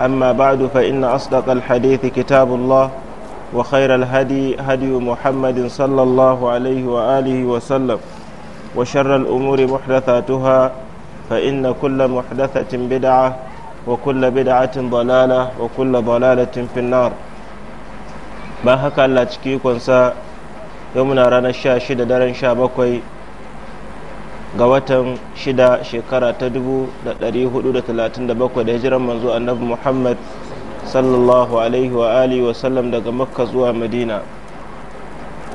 أما بعد فإن أصدق الحديث كتاب الله وخير الهدي هدي محمد صلى الله عليه وآله وسلم وشر الأمور محدثاتها فإن كل محدثة بدعة وكل بدعة ضلالة وكل ضلالة في النار ما هكا الله تشكيكم يومنا رانا الشاشة دارن شابكوي ga watan shida shekara ta dubu da ɗari hudu da talatin da bakwai da hijiran manzo annabi muhammad sallallahu alaihi wa alihi wa sallam daga makka zuwa madina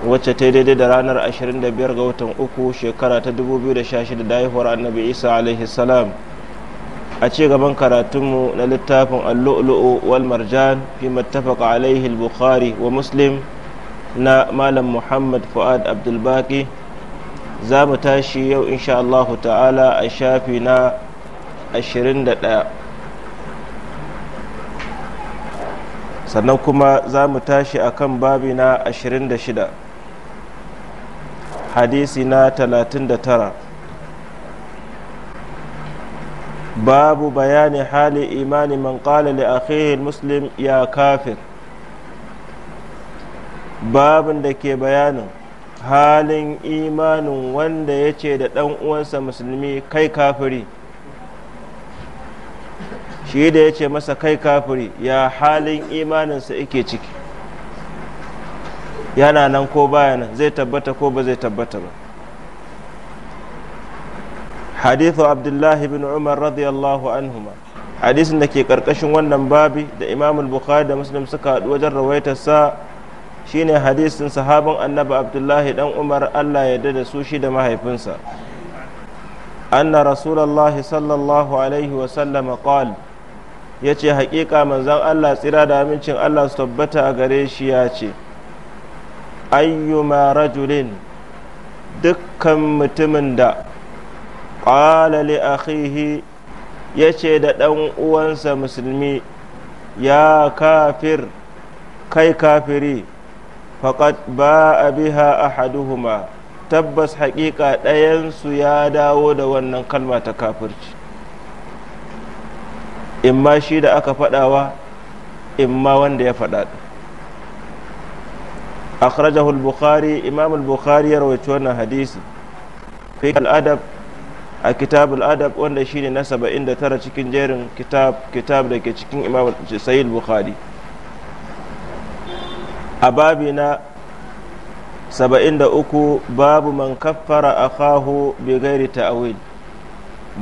wacce ta daidai da ranar 25 ga watan uku shekara ta 2016 da haihuwar annabi isa alaihi salam a ci gaban karatunmu na littafin allu'lu'u wal marjan fi mattafaqa alaihi bukhari wa muslim na malam muhammad fuad abdulbaki za mu tashi yau insha Allah ta'ala a shafi na 21 sannan kuma za mu tashi a kan babi na 26 hadisi na 39 babu bayani hali imani man qala li akhihi muslim ya kafir babin da ke bayanin halin imanin wanda ya ce da ɗan uwansa musulmi kai kafiri shi da ya ce masa kai kafiri ya halin imaninsa ike ciki yana nan ko baya zai tabbata ko ba zai tabbata ba hadithu abdullahi bin umar radiyallahu anhuma hadisin da ke karkashin wannan babi da imamul bukhari da muslim suka haɗu wajen rawaitarsa shine hadisin sahabin annabi abdullahi dan umar allah ya da su shi da mahaifinsa anna rasulallah sallallahu alaihi wasallam qal ya ce haƙiƙa manzan allah tsira da amincin allah su tabbata a gare shi ya ce ayyuma rajulin dukkan mutumin da ƙalali li akhihi ya ce da ɗan uwansa musulmi ya kafir kai kafiri faƙad ba a biha ahaduhuma tabbas haƙiƙa ɗayansu ya dawo da wannan kalma ta kafirci in ma shi da aka faɗawa in ma wanda ya faɗa akhrajahu al-bukhari imam al-bukhari ya rawaito wannan hadisi fi al-adab a kitab al-adab wanda shine na 79 cikin jerin kitab kitab da ke cikin imam sayyid bukhari a babi na 73 babu man kaffara a kahu gairi ta'awil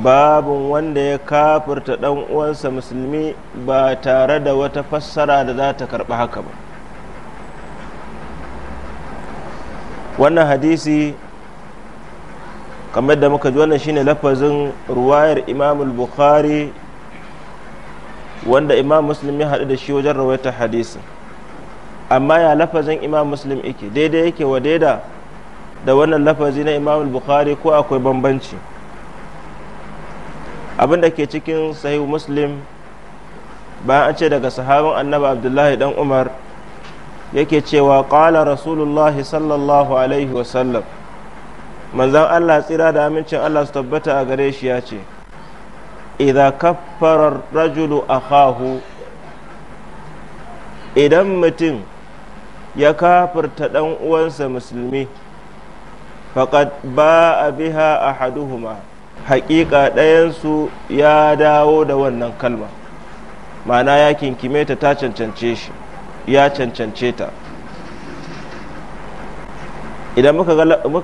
babu wanda ya kafirta dan uwansa musulmi ba tare da wata fassara da za ta karɓi haka ba wannan hadisi kamar da muka ji wannan shine lafazin ruwayar imamul bukhari wanda imam muslim ya haɗu da shi wajen rawaita hadisin amma ya lafazin imam muslim yake daidai yake wa daida da wannan lafazi na imam bukhari ko akwai bambanci abinda ke cikin sahihu muslim bayan an ce daga sahabin annabi abdullahi dan umar yake cewa kala rasulullahi sallallahu alaihi wasallam manzan allah tsira da amincin allah su tabbata a gare shi ya ce idan kaffarar rajulu a idan mutum ya kafirta ɗan uwansa musulmi faƙad ba a biha a haduhuma haƙiƙa ɗayansu ya dawo da wannan kalma mana ya kinkime ta ta cancance shi ya cancance ta idan muka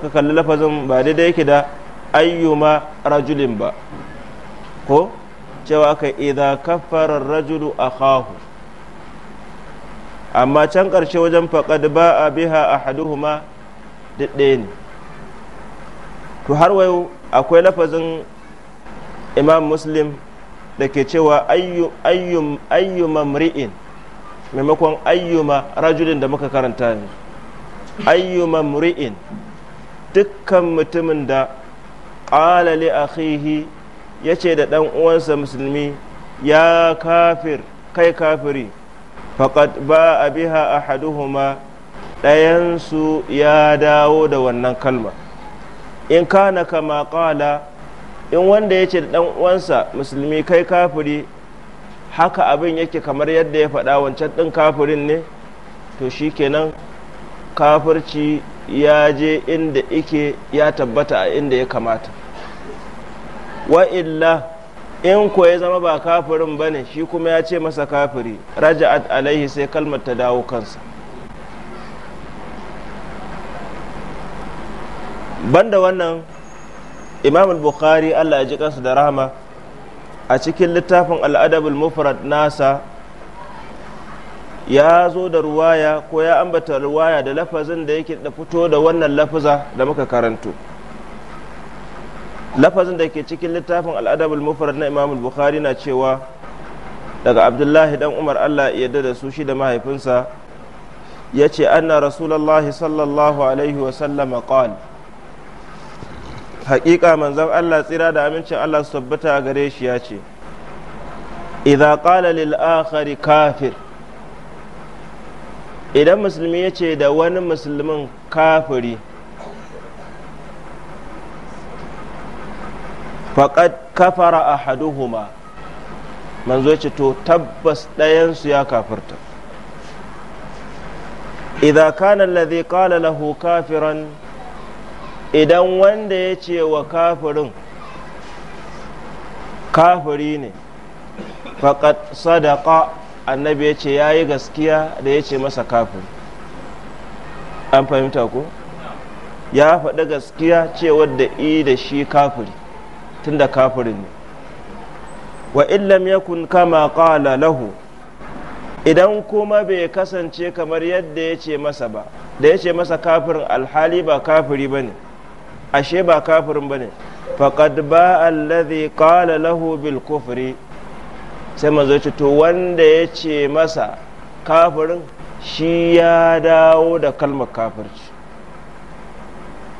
kalli lafazin ba daidai yake da ayyuma rajulin ba ko cewa ka idha kafara rajulu akahu amma can ƙarshe wajen faƙad ba a biha a haduhuma duk ɗaya ne to har wayo akwai lafazin imam muslim da ke cewa ayyuma mri'in maimakon ayyuma rajulin da muka karanta ne ayyuma mri'in dukkan mutumin da ƙala li akhihi ya ce da ɗanuwansa uwansa musulmi ya kafir kai kafiri faƙad ba a biha a haduhuma ɗayensu ya dawo da wannan kalma in kana kama ƙala in wanda ya ce da uwansa musulmi kai kafiri haka abin yake kamar yadda ya faɗa wancan ɗin kafirin ne to shi kenan kafirci ya je inda ike ya tabbata a inda ya kamata wa illa in ko ya zama ba kafirin ba ne shi kuma ya ce masa kafiri raja'at alaihi sai kalmar ta dawo kansa banda wannan imam bukhari allah ya ji kansa da rahama a cikin littafin al'adabul mufrad nasa ya zo da ruwaya ko ya ambata ruwaya da lafazin da yake da fito da wannan lafaza da muka karanto lafazin da ke cikin littafin al'adabul mufrad na imam bukhari na cewa daga abdullahi dan umar allah ya da su shi da mahaifinsa ya ce anna Rasulallah sallallahu alaihi wasallama qal haƙiƙa manzan allah tsira da amincin allah su tabbata gare shi ya ce idza qala lil kafir idan musulmi yace da wani musulmin kafiri faƙad kafara ahaduhuma manzo ce to tabbas ɗayansu ya kafirta idan kana alladhi kala lahu kafiran idan wanda ya ce wa kafirin kafiri ne faƙad sadaka annabi ya ce ya yi gaskiya da ya ce masa kafiri an fahimta ko ya faɗi gaskiya ce wadda i da shi kafiri tunda kafirin ne wa illam yakun kama kala lahu idan kuma bai kasance kamar yadda ya ce masa ba da ya ce masa kafirin alhali ba kafiri ba ne ashe ba kafirin ba ne faƙad ba allazi kala lahu bil kufri sai manzo ce to wanda ya ce masa kafirin shi ya dawo da kalmar kafirci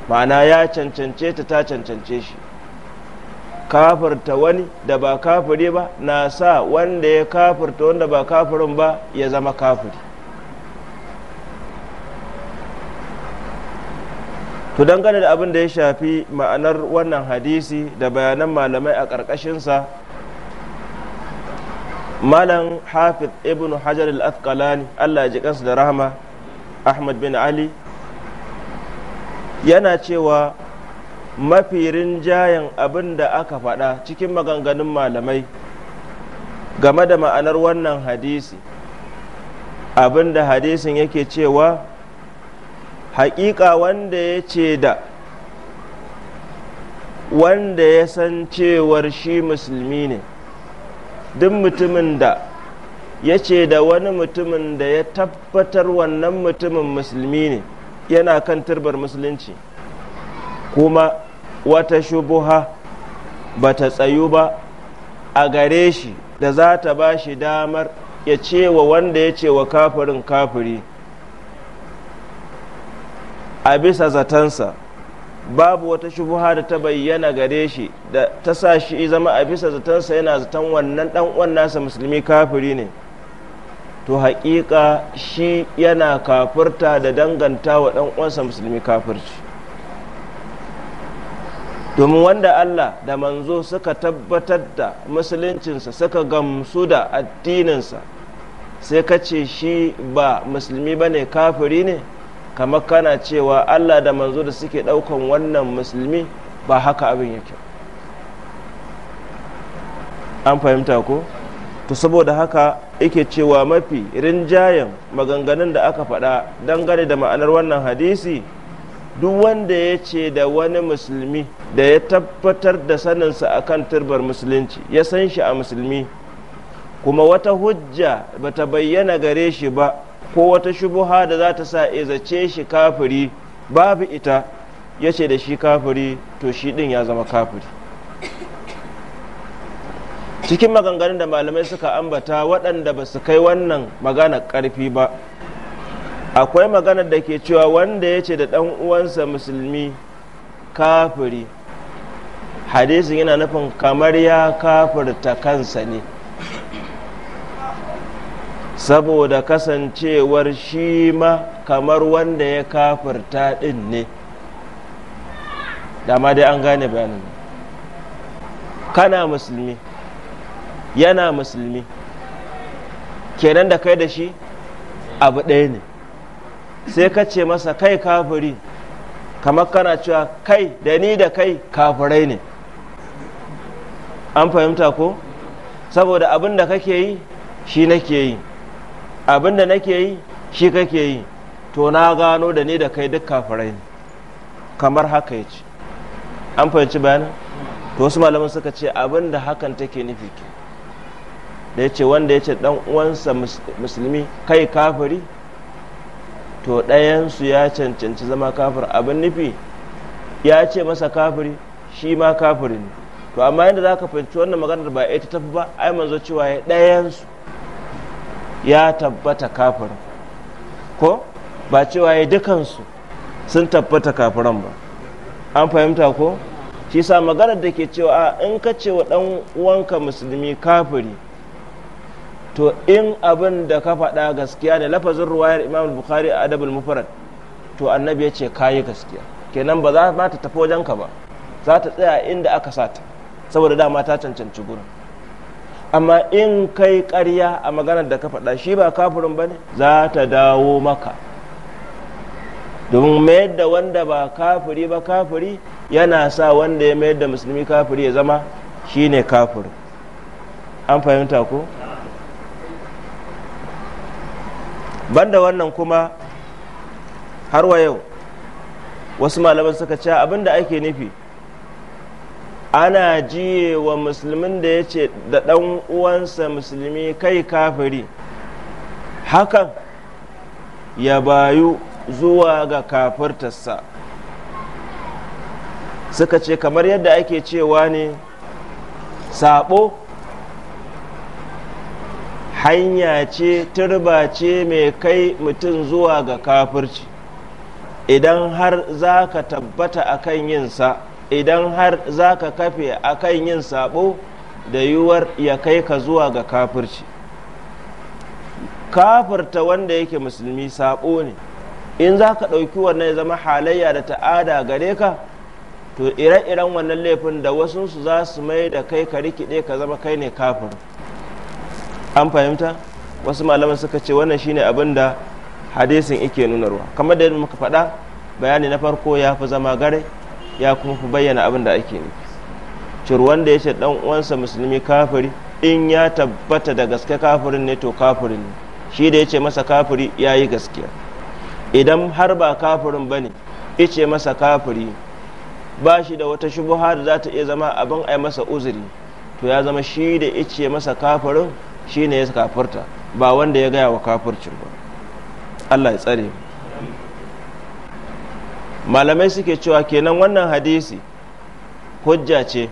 ma'ana ya cancance ta cancance shi kafirta wani da ba kafiri ba na sa wanda ya kafirta wanda ba kafirin ba ya zama kafiri to dangane da abin da ya shafi ma'anar wannan hadisi da bayanan malamai a ƙarƙashinsa malam hafiz ibn hajar al-athqalani allah ji kansu da rahama ahmad bin ali yana cewa mafi rinjayen abin da aka faɗa cikin maganganun malamai game da ma'anar wannan hadisi abin da hadisin yake cewa haƙiƙa wanda ya ce da wanda ya san cewar shi musulmi ne duk mutumin da ya ce da wani mutumin da ya tabbatar wannan mutumin musulmi ne yana kan turbar musulunci kuma wata shubuha ba ta tsayu ba a gare shi da za ta ba shi damar ya ce wa wanda ya ce wa kafirin kafiri a bisa zatansa babu wata shubuha da ta bayyana gare shi da ta sa shi zama a bisa zatansa yana zaton wannan dan uwan nasa musulmi kafiri ne to haƙiƙa shi yana kafurta da danganta wa dan uwansa musulmi kafirci domin wanda Allah da manzo suka tabbatar da musuluncinsa suka gamsu da addininsa sai ka ce shi ba musulmi ba ne kafiri ne kamar kana cewa Allah da manzo da suke ɗaukan wannan musulmi ba haka abin yake an fahimta ko to saboda haka yake cewa mafi rinjayen maganganun da aka faɗa dangane da ma'anar wannan hadisi duk wanda ya ce da wani musulmi da ya tabbatar da saninsa kan turbar musulunci ya san shi a musulmi kuma wata hujja ba ta bayyana gare shi ba ko wata shubuha da za ta sa izace shi kafiri babu ita ya ce da shi kafiri to shi din ya zama kafiri cikin maganganun da malamai suka ambata waɗanda ba su kai wannan magana ƙarfi ba akwai maganar da ke cewa wanda ya ce da ɗan uwansa musulmi kafiri hadisin yana nufin kamar ya kafirta kansa ne saboda kasancewar shi ma kamar wanda ya kafirta ɗin ne dama dai an gane bayanin kana musulmi yana musulmi kenan da kai da shi abu ɗaya ne sai ka ce masa kai kafiri kamar kana cewa kai da ni da kai kafirai ne an fahimta ko saboda abin da kake yi shi nake yi abin da nake yi shi kake yi to na gano da ni da kai duk kafirai ne kamar haka ya ce an fahimci bayanin to wasu malamin suka ce abin da hakan take nufi ke da ya ce wanda ya ce uwansa musulmi kai kafiri to ɗayansu ya cancanci zama kafir abin nufi ya ce masa kafiri shi ma kafiri ne to amma yadda za ka fahimci wannan maganar ba ita tafi ba ai manzo cewa ya ɗayansu ya tabbata kafir ko ba cewa ya dukansu sun tabbata kafiran ba an fahimta ko shi sa maganar da ke cewa in ka ce wa ɗan uwanka musulmi kafiri to in abin da ka faɗa gaskiya ne lafazin ruwayar imam bukhari a adabul mufarad to annabi ya ce kayi gaskiya kenan ba za ma ta tafi wajen ka ba za ta tsaya inda aka sata saboda dama ta cancanci gurin amma in kai karya a maganar da ka faɗa shi ba kafirin ba ne za ta dawo maka domin mayar da wanda ba kafiri ba kafiri yana sa wanda ya mayar da musulmi kafiri ya zama shi ne kafiri an fahimta ko banda wannan kuma har wa yau wasu malaman suka ce abin da ake nufi ana jiye wa musulmin da ya ce da ɗan uwansa musulmi kai kafiri hakan ya bayu zuwa ga kafirtarsa suka ce kamar yadda ake cewa ne sabo hanya ce turba ce mai kai mutum zuwa ga kafirci idan har za ka tabbata akan yinsa idan har za ka kafe akan yin sabo da yiwuwar ya kai ka zuwa ga kafirci kafirta wanda yake musulmi sabo ne in za ka ɗauki wannan ya zama halayya da ta'ada gare ka to ire-iren wannan laifin da wasunsu za su mai da kai ka rikide ka zama kai ne kafir an fahimta wasu malaman suka ce wannan shine abin da hadisin nuna nunarwa kamar da muka faɗa bayani na farko ya fi zama gare ya kuma fi bayyana abin da ake nufi cir wanda ya ce dan uwansa musulmi kafiri in ya tabbata da gaske kafirin ne to kafirin ne shi da ya ce masa kafiri ya yi gaskiya idan har ba kafirin ba ne ice masa kafiri ba shi da wata shubuha da za ta iya zama abin a masa uzuri to ya zama shi da ice masa kafirin shi ne ya kafirta ba wanda ya gaya wa kafircin ba Allah ya tsare malamai suke cewa kenan wannan hadisi hujja ce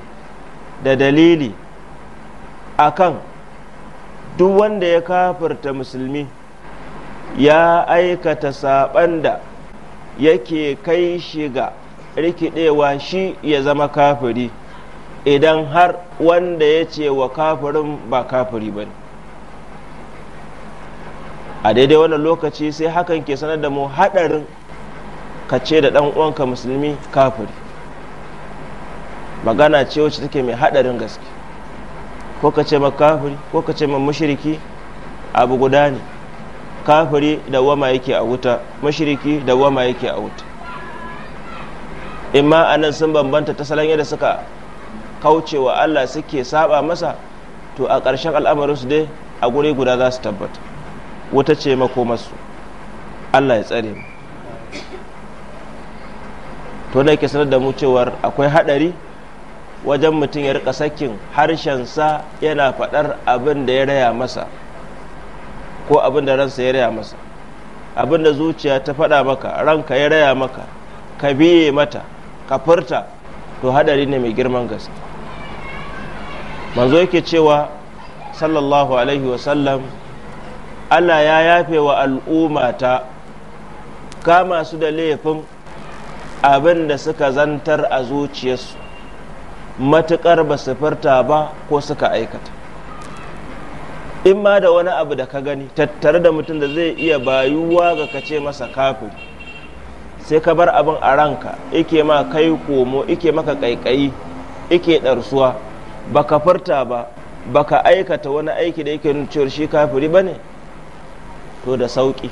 da dalili akan duk wanda ya kafirta musulmi ya aikata saban da yake kai shi ga rikidewa shi ya zama kafiri idan har wanda ya ce wa kafirin ba kafiri ba ne a daidai wannan lokaci sai hakan ke sanar da mu haɗarin kace da ɗan uwanka musulmi kafiri magana ce wacce take mai haɗarin gaske ko kace ma kafiri ko kace ma mushriki abu guda ne kafiri da wama yake a wuta mushriki da wama yake a wuta imma anan sun bambanta ta salon yadda suka kauce wa Allah suke saba masa to a ƙarshen su dai a guri guda za su tabbata wata ce makomarsu allah ya tsare mu to da ke sanar da mu cewar akwai hadari wajen mutum ya rika sakin harshensa yana faɗar abin da ya raya masa ko abin da ransa ya raya masa abin da zuciya ta faɗa maka ranka ya raya maka ka biye mata ka furta to hadari ne mai girman gaske manzo yake cewa sallallahu alaihi wasallam Allah ya yafe wa ta kama su da laifin abin da suka zantar a zuciyarsu matukar ba su furta ba ko suka aikata in ma da wani abu da ka gani tattare da mutum da zai iya bayuwa ga kace masa kafin sai ka bar abin a ranka ike ma kai komo ike maka ƙaiƙayi ike ɗarsuwa ba ka furta ba ka aikata wani aiki da yake nuna shi kafiri ba ne to da sauƙi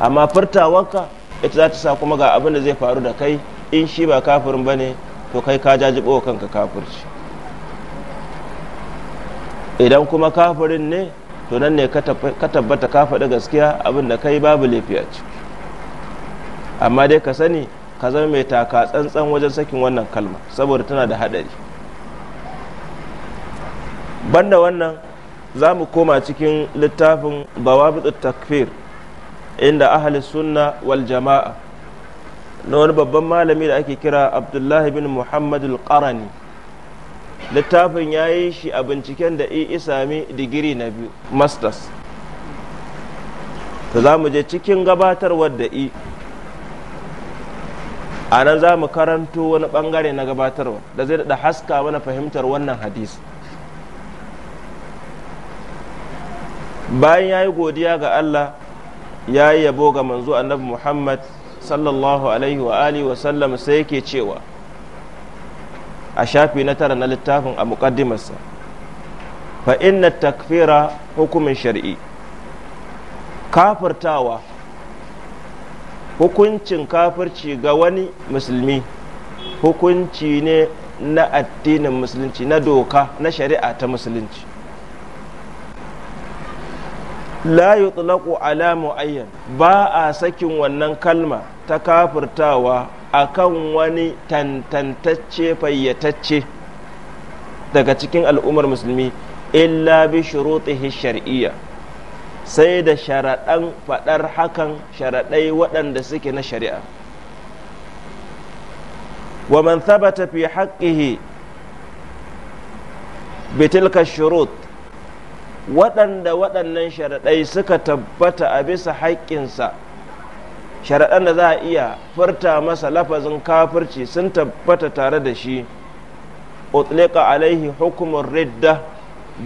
amma furtawanka ita za ta sa kuma ga abin da zai faru da kai in shi ba kafirin ba ne to kai ka jajibo kanka kafirci idan kuma kafirin ne to nan ne ka tabbata ka faɗi gaskiya abin da kai babu laifi a ciki amma dai ka sani ka zama mai taka tsantsan wajen sakin wannan kalma saboda tana da haɗari banda wannan za mu koma cikin littafin bawabitul takfir inda ahli sunna wal jama'a na wani babban malami da ake kira abdullahi bin muhammadu qarani littafin ya yi shi a binciken da iya sami digiri na biyu masters ta za mu je cikin gabatarwar da i a nan za mu karanto wani bangare na gabatarwa da zai da haska mana fahimtar wannan hadisi bayan ya yi godiya ga Allah ya yi yabo ga manzo annabi Muhammad sallallahu alaihi wa alihi wa sallam sai yake cewa a shafi na tara na littafin a muqaddimarsa fa inna takfira hukumin shari'i kafirtawa hukuncin kafirci ga wani musulmi hukunci ne na addinin musulunci na doka na shari'a ta musulunci la yutlaqu ala muayyan ba a sakin wannan kalma ta kafirtawa akan wani tantantacce fayyatacce daga cikin al'ummar musulmi illa bi shurutihi shar'iyya sai da sharaɗan faɗar hakan sharaɗai waɗanda suke na shari'a wa man thabata fi haqqihi bi tilka shurut waɗanda waɗannan sharaɗai suka tabbata a bisa haƙƙinsa sharaɗan da za a iya furta masa lafazin kafirci sun tabbata tare da shi utlika alaihi hukumar ridda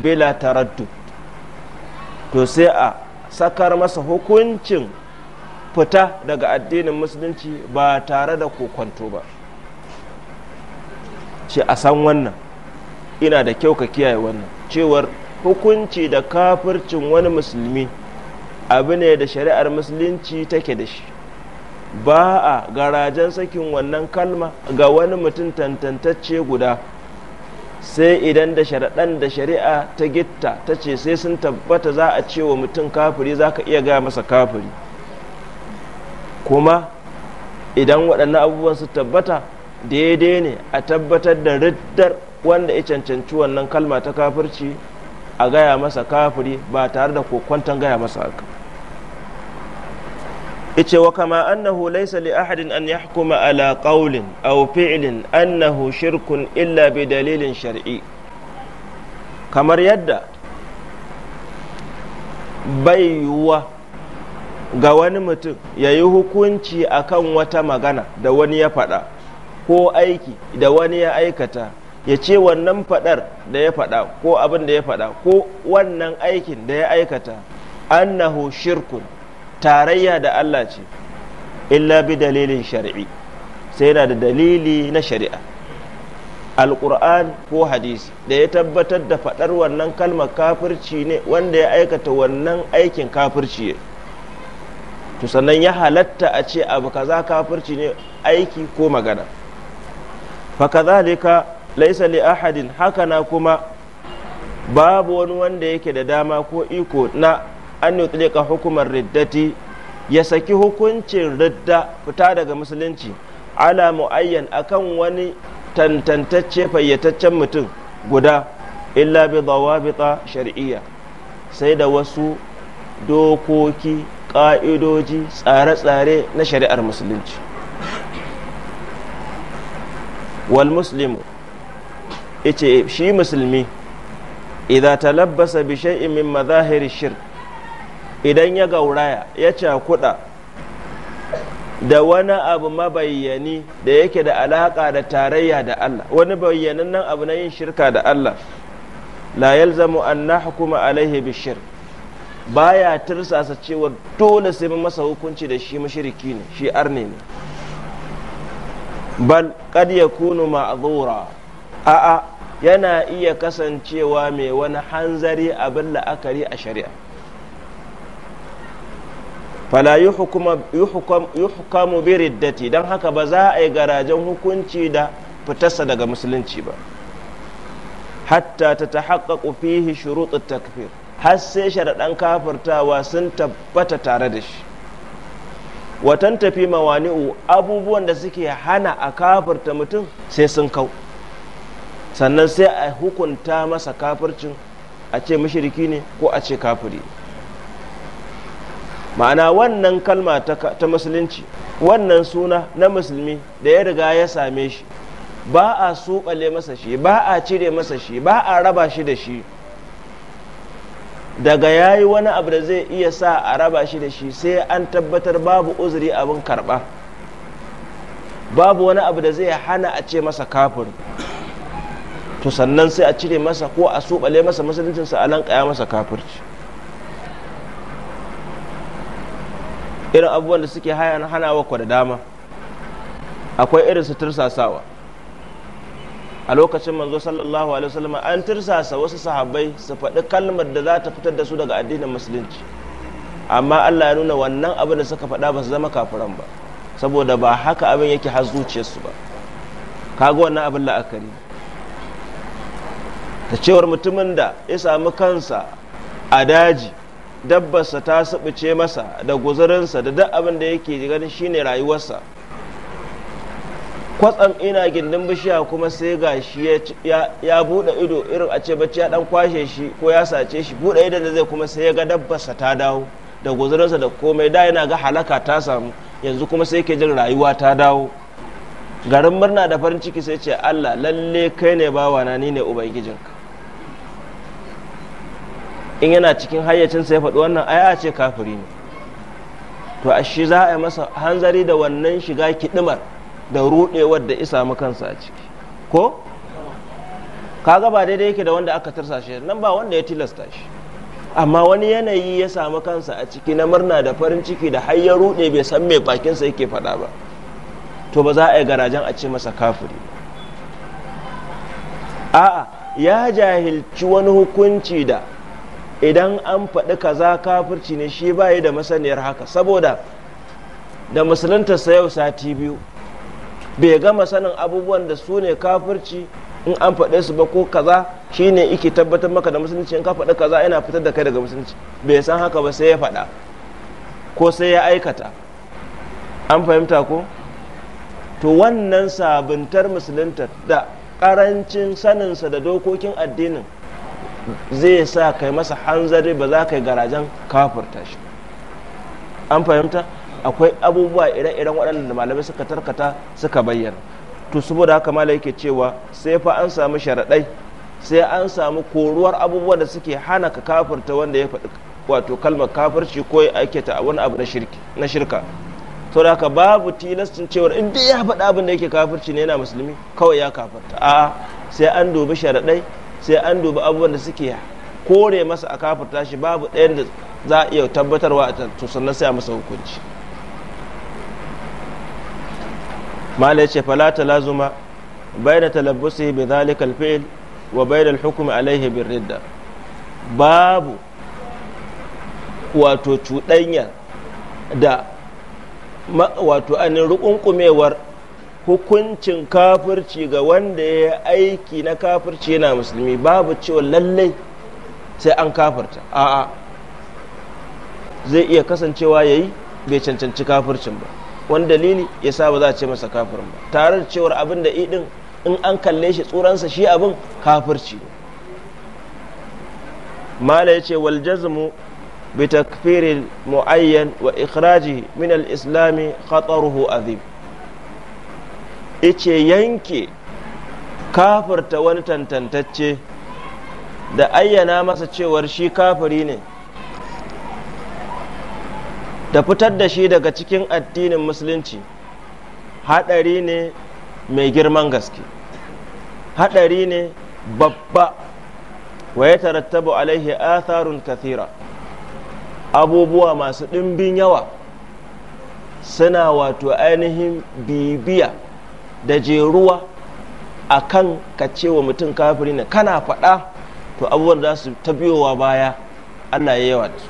bila taraddud to sai a sakar masa hukuncin fita daga addinin musulunci ba tare da kokonto ba ce a san wannan ina da kyau ka kiyaye wannan cewar hukunci da kafircin wani musulmi abu ne da shari'ar musulunci take da shi ba a garajen sakin wannan kalma ga wani mutum tantantacce guda sai idan da sharaɗan da shari'a ta gitta ta ce sai sun tabbata za a ce wa mutum kafiri za ka iya gaya masa kafiri kuma idan waɗannan abubuwan su tabbata daidai ne a tabbatar da riddar wanda ya cancanci wannan kalma ta kafirci a gaya masa kafiri ba tare da kokwantan gaya masa haka ice wa kama annahu laysa li ahadin an yahkuma ala qawlin aw fi'lin annahu shirkun illa bi dalilin shar'i kamar yadda bai ga wani mutum ya yi hukunci akan wata magana da wani ya faɗa ko aiki da wani ya aikata ya ce wannan fadar da ya fada ko abin da ya fada ko wannan aikin da ya aikata annahu shirkun tarayya da Allah ce illa bi dalilin shari'i sai yana da dalili na shari'a alƙur'an ko hadisi da ya tabbatar da fadar wannan kalmar kafirci ne wanda ya aikata wannan aikin kafirci ne to sannan ya halatta a ce abu kaza kafirci ne aiki ko magana fa kazalika laisa li ahadin hakana kuma babu wani wanda yake da dama ko iko na an yutlika hukumar riddati ya saki hukuncin ridda fita daga musulunci ala muayyan akan wani tantantacce fayyataccen mutum guda illa bi dawabita shar'iyya sai da wasu dokoki ƙa'idoji tsare-tsare na shari'ar musulunci wal muslimu yace shi musulmi idan talabbasa labbasa min madahiri shirk idan ya gauraya ya cakuda da wani abu mabayyani da yake da alaka da tarayya da Allah wani bayyanan nan abu na yin shirka da Allah la yalzamu an hukuma alaihi bishir ba baya tirsasa cewa dole sai mun masa hukunci da shi shirki ne shi arne ne bal ya yakunu ma'dhura a'a yana iya kasancewa mai wani hanzari abin la'akari a shari'a fala hukamu bi riddati don haka ba za a yi garajen hukunci da fitarsa daga musulunci ba hatta ta ta haƙaƙo fihi shuruɗin takfir har sai sharaɗan kafirtawa sun tabbata tare da shi watan tafi mawani'u abubuwan da suke hana a kafirta mutum sai sun kau sannan sai a hukunta masa kafircin a ce mashiriki ne ko a ce kafiri ma'ana wannan kalma ta musulunci wannan suna na musulmi da ya riga ya same shi ba a suɓale masa shi ba a cire masa shi ba a raba shi da shi daga ya yi wani abu da zai iya sa a raba shi da shi sai an tabbatar babu uzuri abin karba babu wani abu da zai hana a ce masa kafin to sannan sai a cire masa ko a sobale masa musuluncinsa a lankaya masa kafirci irin abubuwan da suke hanawa ku da dama akwai irin su tirsasawa. a lokacin manzo sallallahu alaihi wasallam an tirsasa wasu sahabbai su faɗi kalmar da za ta fitar da su daga addinin musulunci amma Allah ya nuna wannan abin da suka faɗa ba su zama kafiran ba saboda ba haka abin yake har zuciyarsu ba kaga wannan abin la'akari da cewar mutumin da ya sami kansa a daji dabbarsa ta sabice masa da guzurinsa da duk abin da yake ganin shine rayuwarsa kwatsam ina gindin bishiya kuma sai ga shi ya buɗe ido irin a ce bacci ya dan kwashe shi ko ya sace shi buɗe idan da zai kuma sai ya ga dabbarsa ta dawo da guzurinsa da komai da yana ga halaka ta samu yanzu kuma sai ke jin rayuwa ta dawo garin murna da farin ciki sai ce allah lalle kai ne bawana ni ne ubangijinka in yana cikin hayyacinsa ya faɗi wannan aya ce kafiri ne to a shi za a yi masa hanzari da wannan shiga kiɗimar da ruɗewar da isa kansa a ciki ko kaga ba daidai yake da wanda aka tarsa shi nan ba wanda ya tilasta shi amma wani yanayi ya samu kansa a ciki na murna da farin ciki da har ruɗe bai san mai bakinsa yake faɗa ba to ba za a yi garajen a ce masa kafiri a'a ya jahilci wani hukunci da idan an faɗi kaza kafirci ne shi ba da masaniyar haka saboda da musuluntarsa yau sati biyu bai gama sanin abubuwan da su ne kafirci in an faɗe su ba ko kaza shine iki tabbatar maka da musulunci in ka faɗi kaza yana fitar da kai daga musulunci bai san haka ba sai ya faɗa ko sai ya aikata an fahimta ko to wannan sabuntar musuluntar da ƙarancin saninsa da dokokin addinin zai sa kai masa hanzari ba za ka yi garajen kafurta shi an fahimta akwai abubuwa ire-iren waɗanda malamai suka tarkata suka bayyana to saboda haka mala yake cewa sai fa an samu sharaɗai sai an samu koruwar abubuwa da suke hana ka kafirta wanda ya faɗi wato kalmar kafirci ko ya ake ta wani abu na shirka to da haka babu tilastin cewar in dai ya faɗi abin da yake kafirci ne yana musulmi kawai ya kafirta a'a sai an dubi sharaɗai sai an dubi abubuwan da suke kore masa a kafin tashi babu ɗayan da za a iya tabbatarwa a to sannan sai a masa hukunci mala ya ce falata lazuma bai da talabbusi bai zalikal fi'il wa bai da hukumi alaihi bin ridda babu wato cuɗanya da wato anin rukunkumewar hukuncin kafirci ga wanda ya aiki na kafirci yana musulmi babu cewa lallai sai an kafirta a'a zai iya kasancewa ya yi bai cancanci kafircin ba wani dalili ya saba ba za a ce masa kafirin ba tare da cewar abin da idin in an kalle shi tsuransa shi abin kafirci ne mala ya ce wal jazmu bi mu'ayyan wa ikhraji min al-islami khataruhu azim ce yanke kafirta wani tantantacce da ayyana masa cewar shi kafiri ne da fitar da shi daga cikin addinin musulunci haɗari ne mai girman gaske haɗari ne babba wa ya tarattabu alaihi atharun kathira abubuwa masu ɗimbin yawa suna wato ainihin bibiya da jeruwa a kan ka ce wa mutum kafiri ne kana faɗa to abubuwan za su ta biyowa baya allah ya yawa su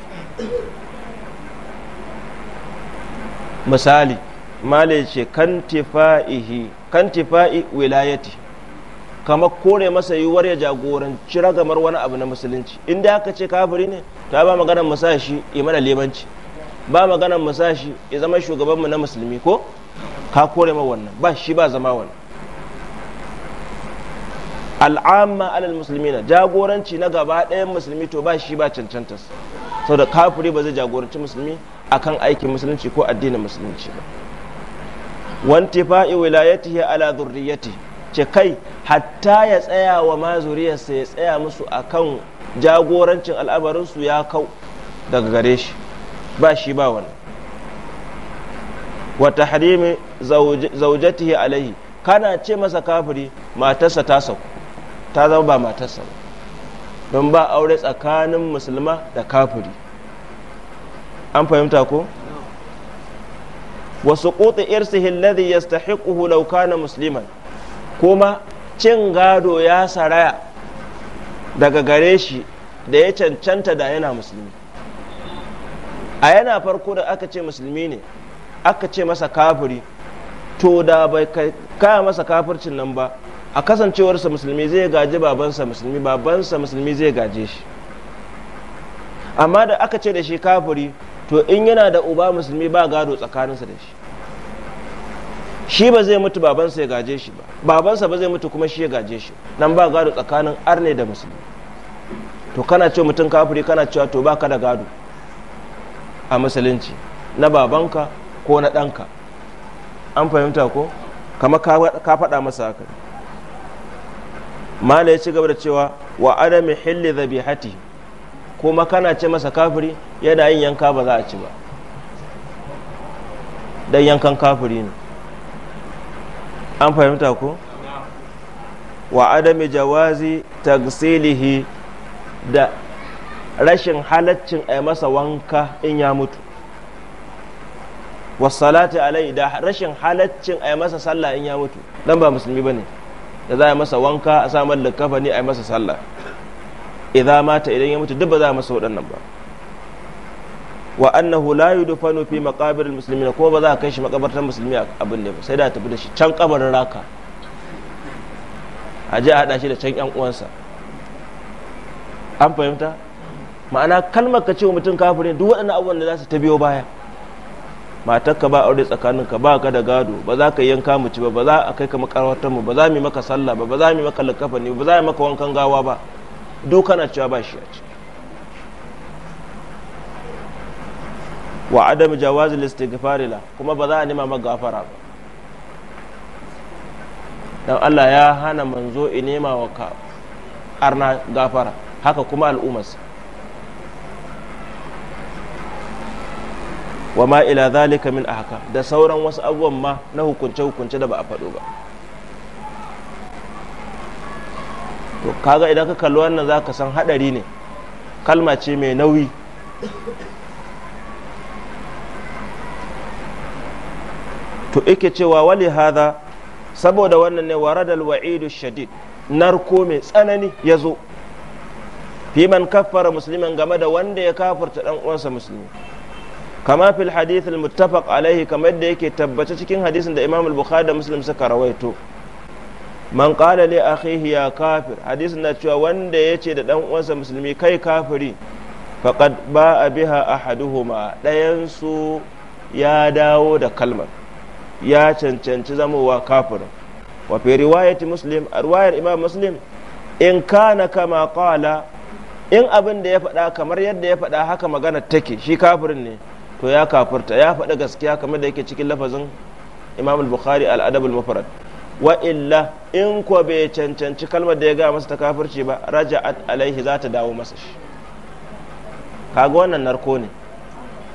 misali male ce kan tifa'i wilayati kamar kore masa yiwuwar ya jagoranci ragamar wani abu na musulunci inda aka ce kafiri ne ta ba maganar masashi ya mana lebanci ba maganar masashi ya zama shugabanmu na musulmi ko ka kore ma wannan ba shi ba zama wannan al'amma alal musulmi na jagoranci na gaba ɗayan musulmi to ba shi ba cancantas sau da kafiri ba zai jagoranci musulmi akan aikin musulunci ko addinin musulunci ba wanti fa'i ya ala zurriyati ce kai hatta ya tsaya wa ma zuriyarsa ya tsaya musu akan jagorancin al'amarinsu ya kau daga gare shi ba shi ba wani wata harimi zaujatihi alaihi kana ce masa kafiri matarsa ta sauku ta zama ba matarsa ba don ba aure tsakanin musulma da kafiri an fahimta ko wasu kutu irsihi alladhi yastahiquhu law kana musliman kuma cin gado ya saraya daga gare shi da ya cancanta da yana musulmi a yana farko da aka ce musulmi ne aka ce masa kafiri to da bai kaya masa kafircin nan ba a kasancewarsa musulmi zai gaji babansa musulmi babansa musulmi zai gaje shi amma da aka ce da shi kafiri to in yana da uba musulmi ba gado tsakaninsa da shi shi ba zai mutu babansa ya gaje shi ba babansa ba zai mutu kuma shi ya gaje shi nan ba gado tsakanin arne da musulmi to kana ce mutum kafiri kana cewa to baka da gado a musulunci na babanka ko na ɗanka an fahimta ko kama ka faɗa masa haka mala ya ci gaba da cewa wa adami hilli zabihati kuma kana ce masa kafiri yana yin yanka ba za a ci ba dan yankan kafiri ne an fahimta ko wa adami jawazi tagsilihi da rashin halaccin a masa wanka in ya mutu wasalati alai da rashin halaccin a yi masa sallah in ya mutu dan ba musulmi bane da za a yi masa wanka a samar da kafa ne a yi masa sallah idza mata idan ya mutu duk ba za a masa waɗannan ba wa annahu la yudfanu fi maqabir almuslimin ko ba za a kai shi makabartar musulmi abin ne ba sai da tafi da shi can kabarin raka a je a hada shi da can yan uwansa an fahimta ma'ana kalmar ka ce mutum kafirin duk waɗannan abubuwan da za su ta biyo baya matarka ba aure tsakaninka ba ka da gado ba za ka yanka mu ci ba ba za a kai ka makarwatar mu ba za mu maka sallah ba ba za mu maka lakafa ba za mu maka wankan gawa ba duk kana cewa ba shi a ci wa adam jawazil istighfari kuma ba za a nema maka gafara ba dan Allah ya hana manzo inema nema wa ka arna gafara haka kuma al'umarsa wa ma ila zalika min ahkam da sauran wasu abubuwan ma na hukunce hukunce da ba a faɗo ba to kaga idan ka kalli wannan zaka san hadari ne kalma ce mai nauyi to ike cewa wali hada saboda wannan ne waradal wa'idu shadid narko mai tsanani ya zo fi man kaffara musulman game da wanda ya kafarta dan uwansa musulmi kama fil hadith al muttafaq alaihi kamar da yake tabbace cikin hadisin da Imam al-Bukhari da Muslim suka rawaito man qala li ya kafir hadisin na cewa wanda ce da dan uwansa musulmi kai kafiri faqad ba'a biha ahaduhuma dayan su ya dawo da kalmar ya cancanci zamowa kafirin wa fi riwayati muslim a imam muslim in kana kama qala in abin da ya faɗa kamar yadda ya faɗa haka magana take shi kafirin ne to ya kafirta ya faɗa gaskiya kamar da yake cikin lafazin imam al-bukhari al-adab al-mufrad wa illa in ko bai cancanci kalmar da ya gaya masa ta kafirci ba raja'at alaihi za ta dawo masa shi kaga wannan narko ne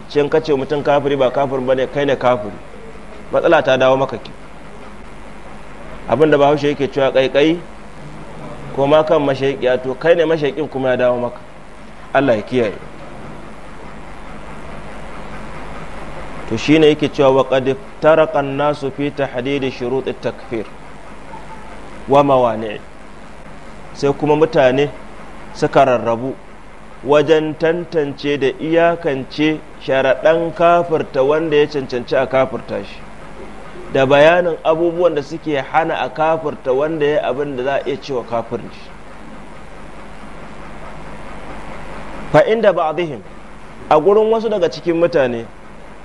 cin ka ce mutum kafiri ba kafirin bane kai ne kafiri matsala ta dawo maka ki abinda bahaushe yake cewa kai ko ma kan mashaƙiya to kai ne mashaƙin kuma ya dawo maka Allah ya kiyaye to ne yake cewa wa qad tarakan nasu fi ta shurut da takfir wa mawane sai kuma mutane suka rarrabu wajen tantance da iyakance sharaɗan kafirta wanda ya cancanci a kafirta shi da bayanin abubuwan da suke hana a kafirta wanda ya abin da za a iya cewa kafirin shi fa inda ba a gurin wasu daga cikin mutane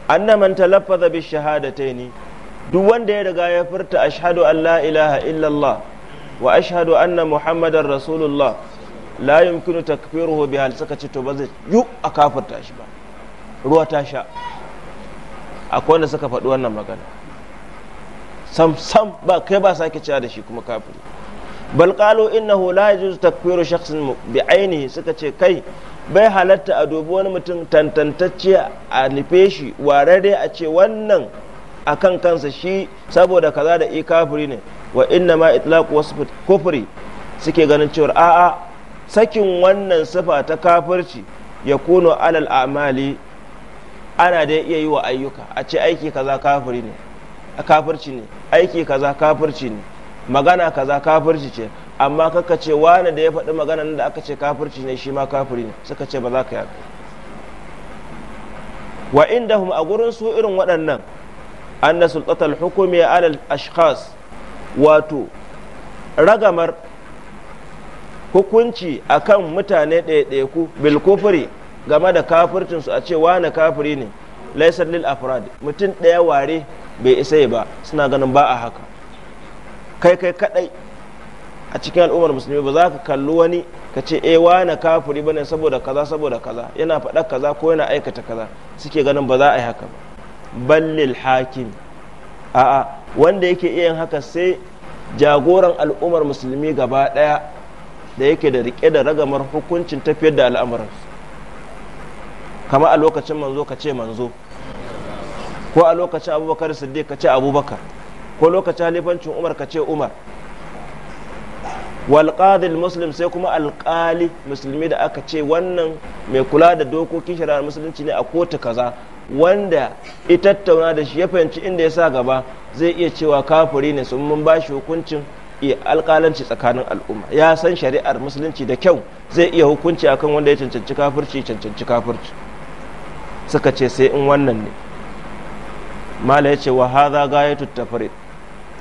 anna man talaffaza bi shahadataini duk wanda ya riga ya furta ashhadu an la ilaha illallah wa ashhadu anna muhammadar rasulullah la yumkinu takfiruhu bi hal saka to ba zai yu a kafirta shi ba ruwa ta sha akwai wanda suka faɗi wannan magana sam sam ba kai ba sake cewa da shi kuma kafiri bal qalu innahu la yajuzu takfiru shakhsin bi ainihi suka ce kai bai halatta a dubi wani mutum tantantacce a nufe shi warare a ce wannan a kan kansa shi saboda kaza da i kafiri ne wa inna ma itlaq wasu kufuri suke ganin cewar a'a sakin wannan sifa ta kafirci ya kuno alal amali ana dai iya yi wa ayyuka a ce aiki kaza kafiri ne kafirci ne aiki kaza kafirci ne magana kaza kafirci ce amma kaka ce wani da ya faɗi na da aka ce kafirci ne shi ma kafiri ne suka ce ba za ka yaƙi wa inda a gurin su irin waɗannan an na sultatar hukumi alal ashkhas wato ragamar hukunci a kan mutane ɗaiɗaiku bil kufri game da kafircinsu a ce wani kafiri ne laisar lil afrad mutum ɗaya ware bai isa ba suna ganin ba a haka kai kai kaɗai a cikin al'ummar musulmi ba za ka kalli wani ka ce eh wani ba ne saboda kaza saboda kaza yana faɗa kaza ko yana aikata kaza suke ganin ba za a yi haka ba ballil hakim a'a wanda yake iya yin haka sai jagoran al'ummar musulmi gaba ɗaya da yake da rike da ragamar hukuncin tafiyar da al'amuran kama a lokacin manzo ka ce manzo ko a lokacin abubakar siddiq ka ce abubakar ko lokacin halifancin umar ka ce umar walƙadil muslim sai kuma alƙali musulmi da aka ce wannan mai kula da dokokin shari'ar musulunci ne a kotu kaza wanda itattauna da shi ya fahimci inda ya sa gaba zai iya cewa kafuri ne sun mun bashi hukuncin iya alƙalanci tsakanin al'umma ya san shari'ar musulunci da kyau zai iya hukunci akan wanda ya cancanci kafirci cancanci kafirci suka ce sai in wannan ne mala ya ce wa haza gayatut tafrid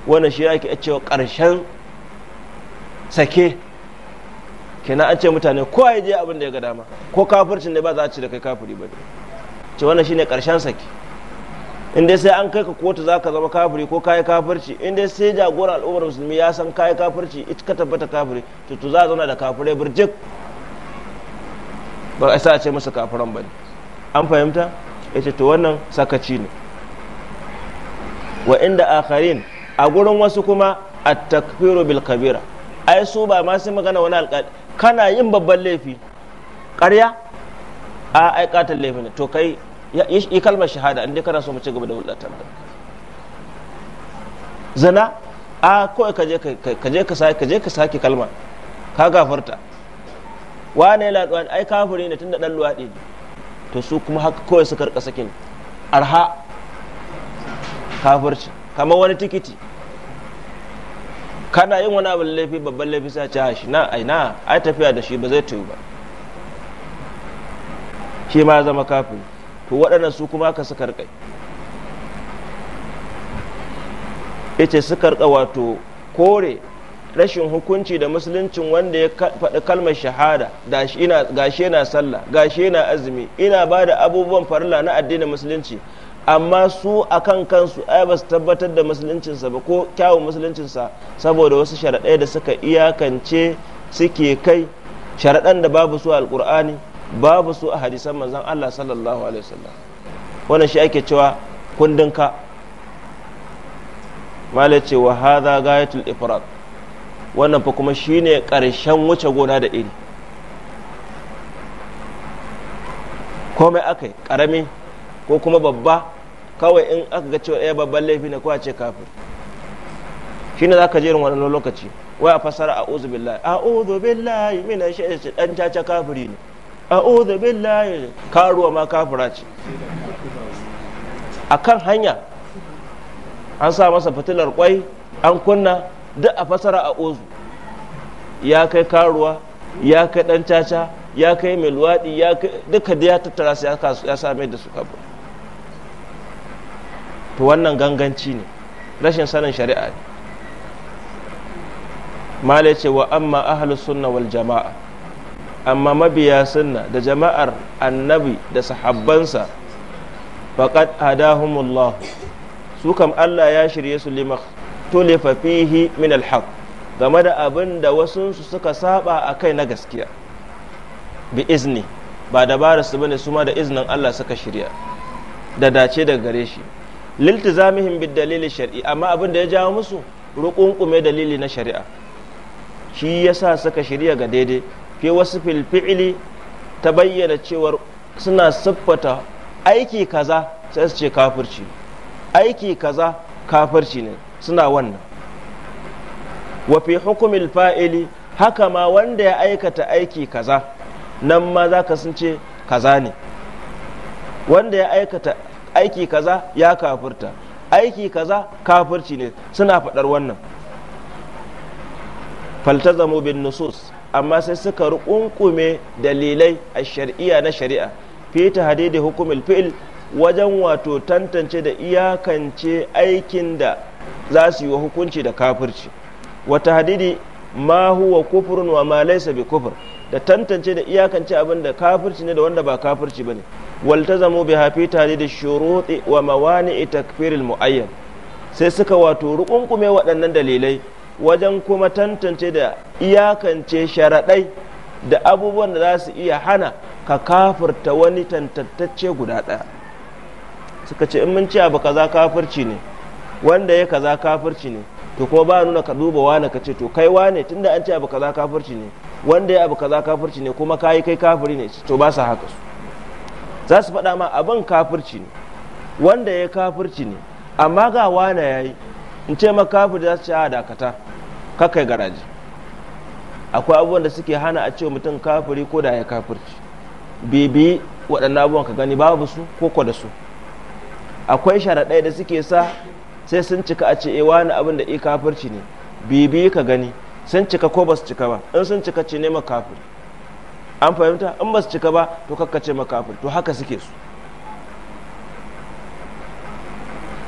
wannan shi ake cewa ƙarshen sake kenan an ce mutane ko ya je abin da ya ga dama ko kafircin da ba za a ci da kai kafiri ba ce wannan shine karshen sake in dai sai an kai ka kotu za ka zama kafiri ko kayi kafirci in dai sai jagoran al'ummar musulmi ya san kayi kafirci ita ka tabbata kafiri to za a zauna da kafirai birjik ba a sa ce masa kafiran ba ne an fahimta ya ce to wannan sakaci ne wa inda akharin a gurin wasu kuma at takfiru bil kabira ai su ba ma sai magana wani alƙali kana yin babban laifi ƙarya a ai ƙatar laifi ne to kai yi kalmar shahada inda kana so mu ci gaba da wulatar da zana a kawai ka je ka ka sake ka je ka sake kalma ka gafarta wane laɗuwa ai kafiri ne tunda ɗan luwaɗi ne to su kuma haka kawai su karka sakin arha kafirci kamar wani tikiti kana yin wani abin laifi babban laifi sa ci shi na aina ai tafiya da shi ba zai tuyu ba shi ma zama kafin to waɗannan su kuma ka suka rikai yace suka rika wato kore rashin hukunci da musuluncin wanda ya faɗi kalmar shahada gashi yana sallah gashi yana azumi ina ba da abubuwan farla na addinin musulunci amma su a kan kansu ai ba su tabbatar da musuluncinsa ba ko kyawun musuluncinsa saboda wasu sharaɗai da suka iyakance suke kai sharaɗan da babu su a alƙur'ani babu su a hadisan manzan allah sallallahu alaihi wasallam wannan shi ake cewa kundin ka malai ce wa hadha gayatul ifrat wannan fa kuma shine ƙarshen wuce gona da iri komai aka yi ƙarami ko kuma babba kawai in aka ga cewa ɗaya eh, babban laifi ne kowa ce kafir shi ne za ka jerin wani lokaci wai a fasara a uzu billahi a uzu billahi mina shi ɗan caca kafiri ne a uzu billahi karuwa ma kafira ce a kan hanya an sa masa fitilar kwai an kunna duk a fasara a uzu ya kai karuwa ya kai ɗan caca ya kai mai luwaɗi ya kai duka da ya tattara su ya same da su kafin to wannan ganganci ne rashin sanin shari'a ne mala ce wa amma ahalus sunna wal jama'a amma mabiya sunna da jama'ar annabi da sahabbansa faqad hadahumullah su kam Allah ya shirye su lima tulifa fihi min alhaq game da abin da wasunsu suka saba a kai na gaskiya bi izni ba dabararsu bane su ma da iznin Allah suka shirya da dace daga gare shi liltizamihim bid dalili shar'i amma abin da ya jawo musu rukunkume dalili na shari'a shi yasa saka shirya ga daidai fi wasu filfi'ili ta bayyana cewar suna siffata aiki kaza sai su ce kafirci aiki kaza kafirci ne suna wannan wa fi hukumin fa'ili haka ma wanda ya aikata aiki kaza nan ma za ka sun ce kaza ne wanda ya aikata aiki kaza ya kafirta aiki kaza kafirci ne suna faɗar wannan faltazamu bin nusus amma sai suka rukunkume dalilai a shari'a na shari'a fi hadidi hukumil fi'l wajen wato tantance da iyakance aikin da za su yi wa hukunci da kafirci wata hadidi. ma huwa kufurun wa ma laysa bi kufur da tantance da iyakance abin da kafirci ne da wanda ba kafirci bane waltazamu bi hafi tare da shuruti wa mawani'i takfiril muayyan sai suka wato rukunkume waɗannan dalilai wajen kuma tantance da iyakance sharaɗai da abubuwan da za su iya hana ka kafirta wani tantatacce guda ɗaya suka ce in mun ce abu kaza kafirci ne wanda ya kaza kafirci ne to kuma ba nuna ka duba wane ka ce to kai wane tunda an ce abu kaza kafirci ne wanda ya abu kaza kafirci ne kuma kayi kai kafiri ne to ba su haka su za su faɗa ma abin kafirci ne wanda ya kafirci ne amma ga wane ya yi in ce ma kafir za su ce a dakata kakai garaji akwai abubuwan da suke hana a ce mutum kafiri ko da ya kafirci bibi waɗannan abubuwan ka gani babu su ko kwada su akwai sharaɗai da suke sa sai sun cika a ce e wani abin da i kafirci ne bibi ka gani sun cika ko ba su cika ba in sun cika ce ne makafir an fahimta in ba su cika ba to ce makafir to haka suke su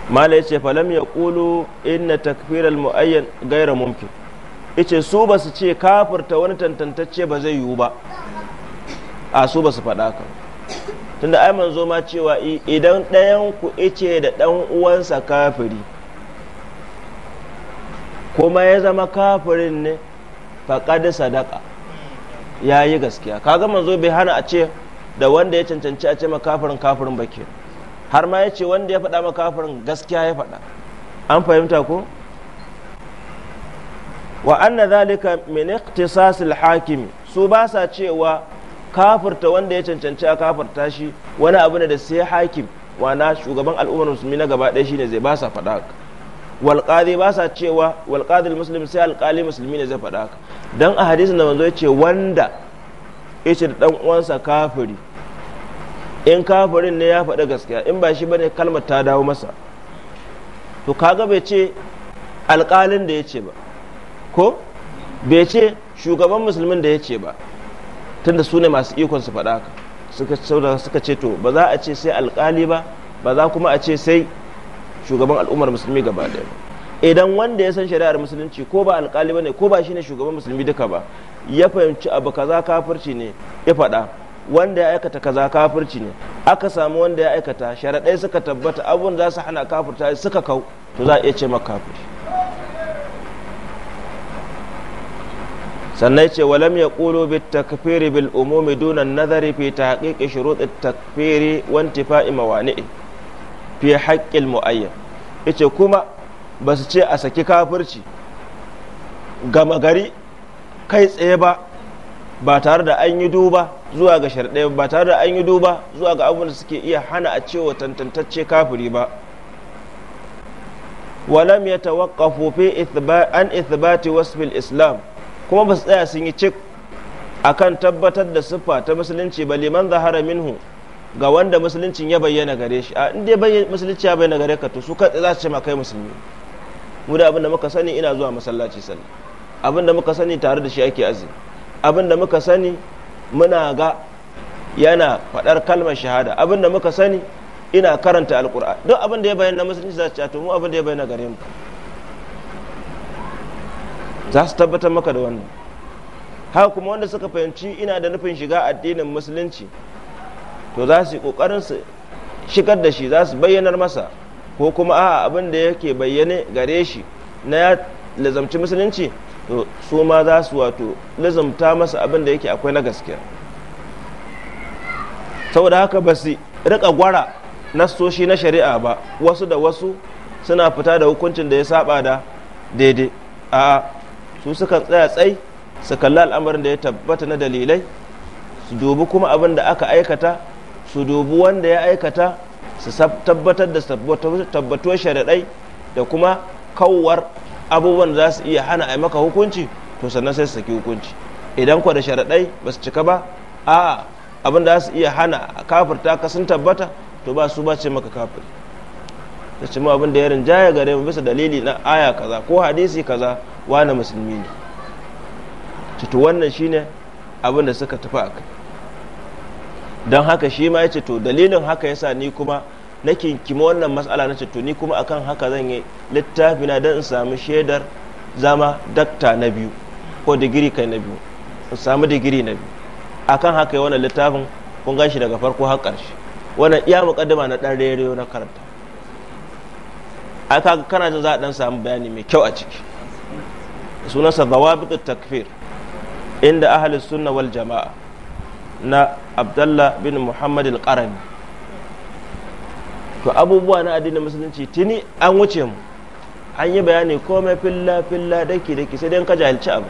mala ya ce falam ya kulu inna takfirar mu'ayyan gaira mumkin ice su ba su ce kafirta wani tantantacce ba zai yiwu ba a su ba su faɗa ka tunda ai manzo ma cewa idan ɗayan ku ice da ɗan uwansa kafiri kuma ya zama kafirin ne faƙad sadaka ya yi gaskiya kaga manzo bai hana a ce da wanda ya cancanci a ce ma kafirin kafirin bake har ma ya ce wanda ya faɗa ma kafirin gaskiya ya faɗa an fahimta ko wa anna zalika min ikhtisas al-hakim su ba sa cewa kafirta wanda ya cancanci a kafirta shi wani abu ne da sai hakim wana shugaban al'ummar musulmi na gaba ɗaya shine zai ba sa faɗa haka walƙadi ba sa cewa walƙadil muslim sai alƙali musulmi ne zai faɗa haka dan a hadisin da manzo ya ce wanda ya ce da ɗan uwansa kafiri in kafirin ne ya faɗa gaskiya in ba shi bane kalmar ta dawo masa to kaga bai ce alƙalin da ya ce ba ko bai ce shugaban musulmin da ya ce ba tunda su ne masu ikon su faɗa haka suka ce to ba za a ce sai alƙali ba ba za kuma a ce sai shugaban al'ummar musulmi gaba ɗaya idan wanda ya san shari'ar musulunci ko ba alƙali ba ne ko ba shine shugaban musulmi duka ba ya fahimci abu kaza kafirci ne ya faɗa wanda ya aikata kaza kafirci ne aka samu wanda ya aikata sharaɗai suka tabbata abun za su hana kafirta suka kau to za a iya ce maka kafirci sannan ce walam ya ƙulo bi takfiri bil umumi dunan nazari fi tahqiqi shuruɗi takfiri wa intifa'i mawani'i fi haƙƙil mu'ayyan yace kuma ba su ce a saki kafirci gama gari kai tsaye ba ba tare da an yi duba zuwa ga sharɗe ba tare da an yi duba zuwa ga abin da suke iya hana a cewa tantantacce kafiri ba walam ya tawakkafu fi an ithbati wasfil islam kuma ba su tsaya sun yi cik a kan tabbatar da siffa ta musulunci ba liman zahara minhu ga wanda musuluncin ya bayyana gare shi a inda musulunci ya bayyana gare ka to su kai za su ce makai musulmi mu da abin da muka sani ina zuwa masallaci sallah abin da muka sani tare da shi ake azumi abin da muka sani muna ga yana faɗar kalmar shahada abin da muka sani ina karanta alkur'ani duk abin da ya bayyana musulunci za su ce to mu abin da ya bayyana gare mu za su tabbatar maka da wannan haka kuma wanda suka fahimci ina da nufin shiga addinin musulunci to za su yi ƙoƙarin su shigar da shi za su bayyanar masa ko kuma a abin da yake bayyane gare shi na ya lazamci musulunci to su ma za su wato lazamta masa abin da yake akwai na gaskiya saboda haka ba su rika gwara nassoshi na shari'a ba wasu da wasu suna fita da hukuncin da ya saba da daidai a su suka tsaya tsai su kalli al'amarin da ya tabbata na dalilai su dubi kuma abin da aka aikata su dubi wanda ya aikata su tabbatar da tabbato sharaɗai da kuma kawar abubuwan za su iya hana a maka hukunci to sannan sai su saki hukunci idan kwa da sharaɗai ba su cika ba a abin da za su iya hana kafirta ka sun tabbata to ba su ba ce maka kafiri da cimma abin da ya rinjaya gare mu bisa dalili na aya kaza ko hadisi kaza wani musulmi ne to wannan shine abin da suka tafi a kai don haka shi ma ya ce dalilin haka yasa ni kuma na kinkima wannan matsala na ce ni kuma akan haka zan yi littafi na don in samu shaidar zama dakta na biyu ko digiri kai na biyu in samu digiri na biyu akan haka yi wannan littafin kun gashi daga farko har ƙarshe wannan iya mukaddama na ɗan rediyo na karanta ai kaga kana jin za a dan samu bayani mai kyau a ciki sunansa zawabit takfir inda ahli sunna wal jama'a na abdullah bin muhammad al-qarami to abubuwa na addinin musulunci tuni an wuce mu an yi bayani komai filla filla daki daki sai dai ka jahilci abu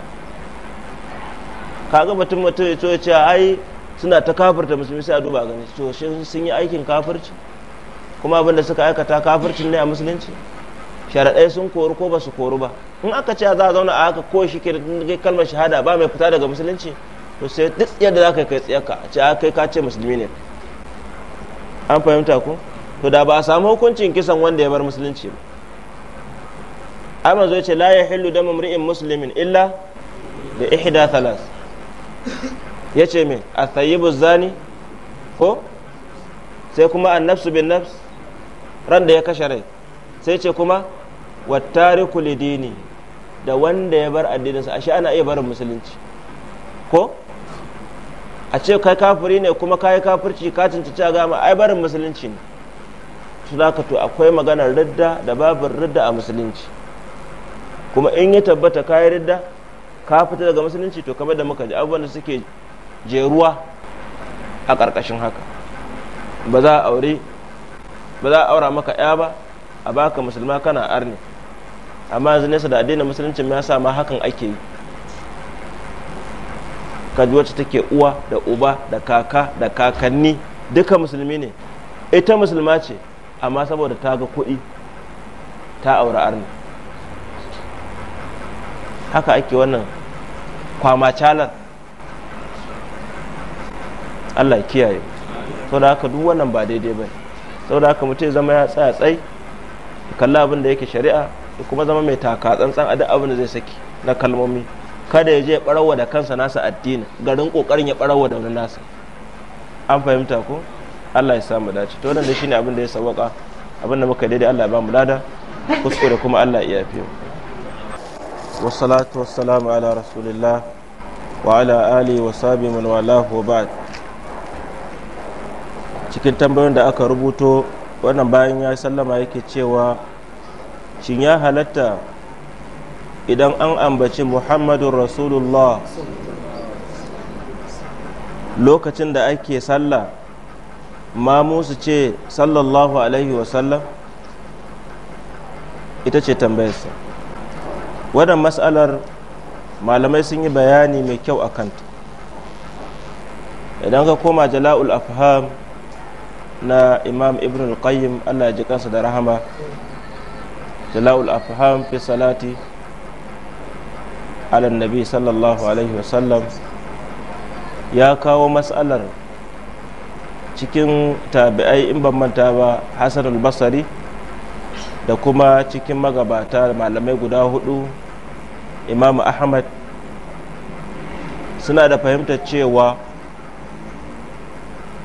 kaga batun mutum ya ce ai suna ta kafirta musulmi sai a duba gani to sun yi aikin kafirci kuma abin da suka aikata kafircin ne a musulunci sharaɗai sun koru ko ba su koru ba in aka ce za a zauna a haka ko shi ke kalmar shahada ba mai fita daga musulunci to sai duk yadda za ka kai tsiyarka a ce kai ka ce musulmi ne an fahimta ku to da ba a samu hukuncin kisan wanda ya bar musulunci ba amma ce la hillu da mamri'in musulmin illa da ihda thalas yace me a zani ko sai kuma an-nafsu bin nafs ran da ya kashe rai sai ce kuma wattariku lidini da wanda ya bar addininsa ashe ana iya barin musulunci ko a ce kai kafiri ne kuma kayi kafirci ka cancanci a gama ai barin musulunci ne su zaka to akwai maganar ridda da babin ridda a musulunci kuma in ya tabbata kayi ridda ka fita daga musulunci to kamar da muka ji abubuwan da suke jeruwa a ƙarƙashin haka ba za a aure ba za a aura maka ya ba a baka musulma kana arni amma yanzu nesa da addinin musulunci ya sa ma hakan ake yi kaji wacce take uwa da uba da kaka da kakanni duka musulmi ne ita musulma ce amma saboda ta ga kuɗi ta aura arni haka ake wannan kwama calar allah kiyaye sau da haka duk wannan ba daidai bai saboda haka mutum zama ya tsaya tsai kalla abin da yake shari'a da kuma zama mai taka tsantsan a duk abin da zai saki na kalmomi kada ya je ya barawa da kansa nasa addini garin kokarin ya barawa da wani nasa an fahimta ko Allah ya samu dace to wannan shine abin da ya sabaka abin da muka daidai Allah ya ba mu lada kuskure kuma Allah ya yafe mu wassalatu wassalamu ala rasulillah wa ala alihi wa sahbihi man walahu wa ba'd cikin tambayoyin da aka rubuto wannan bayan ya sallama yake cewa shin ya halatta idan an ambaci Muhammadu rasulullah lokacin da ake sallah ma musu ce sallallahu alaihi wasallam ita ce tambayarsa wannan matsalar malamai sun yi bayani mai kyau a kanta idan ka koma jala'ul afham na imam ibn al-qayyim allah ji kansa da rahama jala'ul afham fi salati ala nabi sallallahu alaihi wasallam ya kawo matsalar cikin tabi'ai in ban manta ba hasan al-basari da kuma cikin magabata malamai guda hudu imam ahmad suna da fahimtar cewa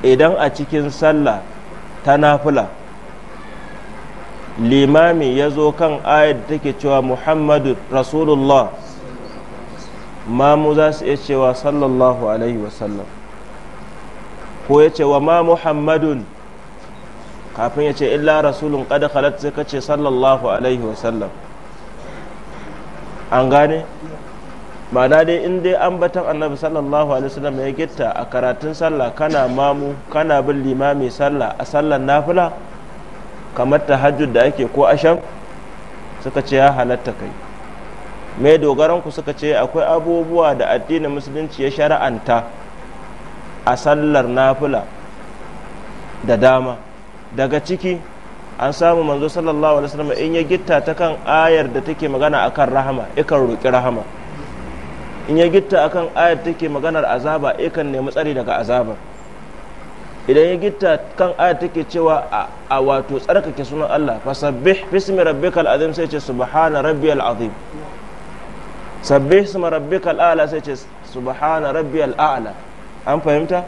idan a cikin sallah ta nafula limami ya zo kan ayat da take cewa muhammadu rasulullah mamu za su iya cewa sallallahu alaihi wasallam ko ya ce wa ma muhammadun kafin ya ce illa rasulun kada halatta sai ka ce sallallahu alaihi wasallam an gane ma'ana dai in dai ambatan annabi sallallahu alaihi wasallam ya gitta a karatun sallah kana mamu kana bin limami sallah a sallan nafila kamar tahajjud da ake ko asham suka ce ya halatta kai mai dogaran ku suka ce akwai abubuwa da addinin musulunci ya shari'anta a sallar nafila da dama daga ciki an samu manzo sallallahu alaihi wasallam in ya gitta ta kan ayar da take magana akan rahama ikan roki rahama in ya gitta akan ayar take maganar azaba kan nemi tsari daga azabar idan ya gitta kan ayar take cewa a wato tsarkake sunan Allah fa sabbih bismi rabbikal azim sai ce subhana rabbiyal azim sabbih bismi rabbikal a'la sai ce subhana rabbiyal a'la an fahimta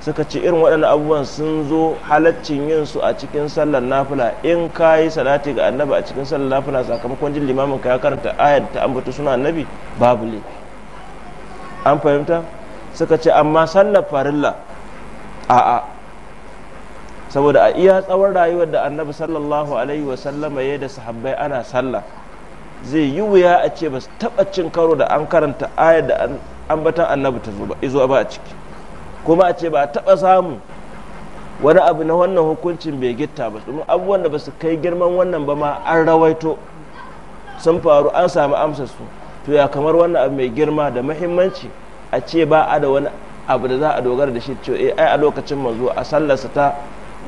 suka ce irin waɗannan abubuwan sun zo halaccin yin su a cikin sallar nafila in ka yi salati ga annabi a cikin sallar nafila sakamakon jin limamin ka ya karanta ayar ta ambata suna annabi babu laifi an fahimta suka ce amma sallar farilla a saboda a iya tsawon rayuwar da annabi sallallahu alaihi wasallama ya da sahabbai ana sallah zai yi wuya a ce ba su taɓa cin karo da an karanta aya da ambatan annabi ta zo ba izo ba a ciki kuma a ce ba a taɓa samu wani abu na wannan hukuncin bai gitta ba domin abubuwan da ba su kai girman wannan ba ma an rawaito sun faru an samu amsa su to ya kamar wannan abu mai girma da mahimmanci a ce ba a da wani abu da za a dogara da shi cewa eh, ai a lokacin manzo a sallarsa ta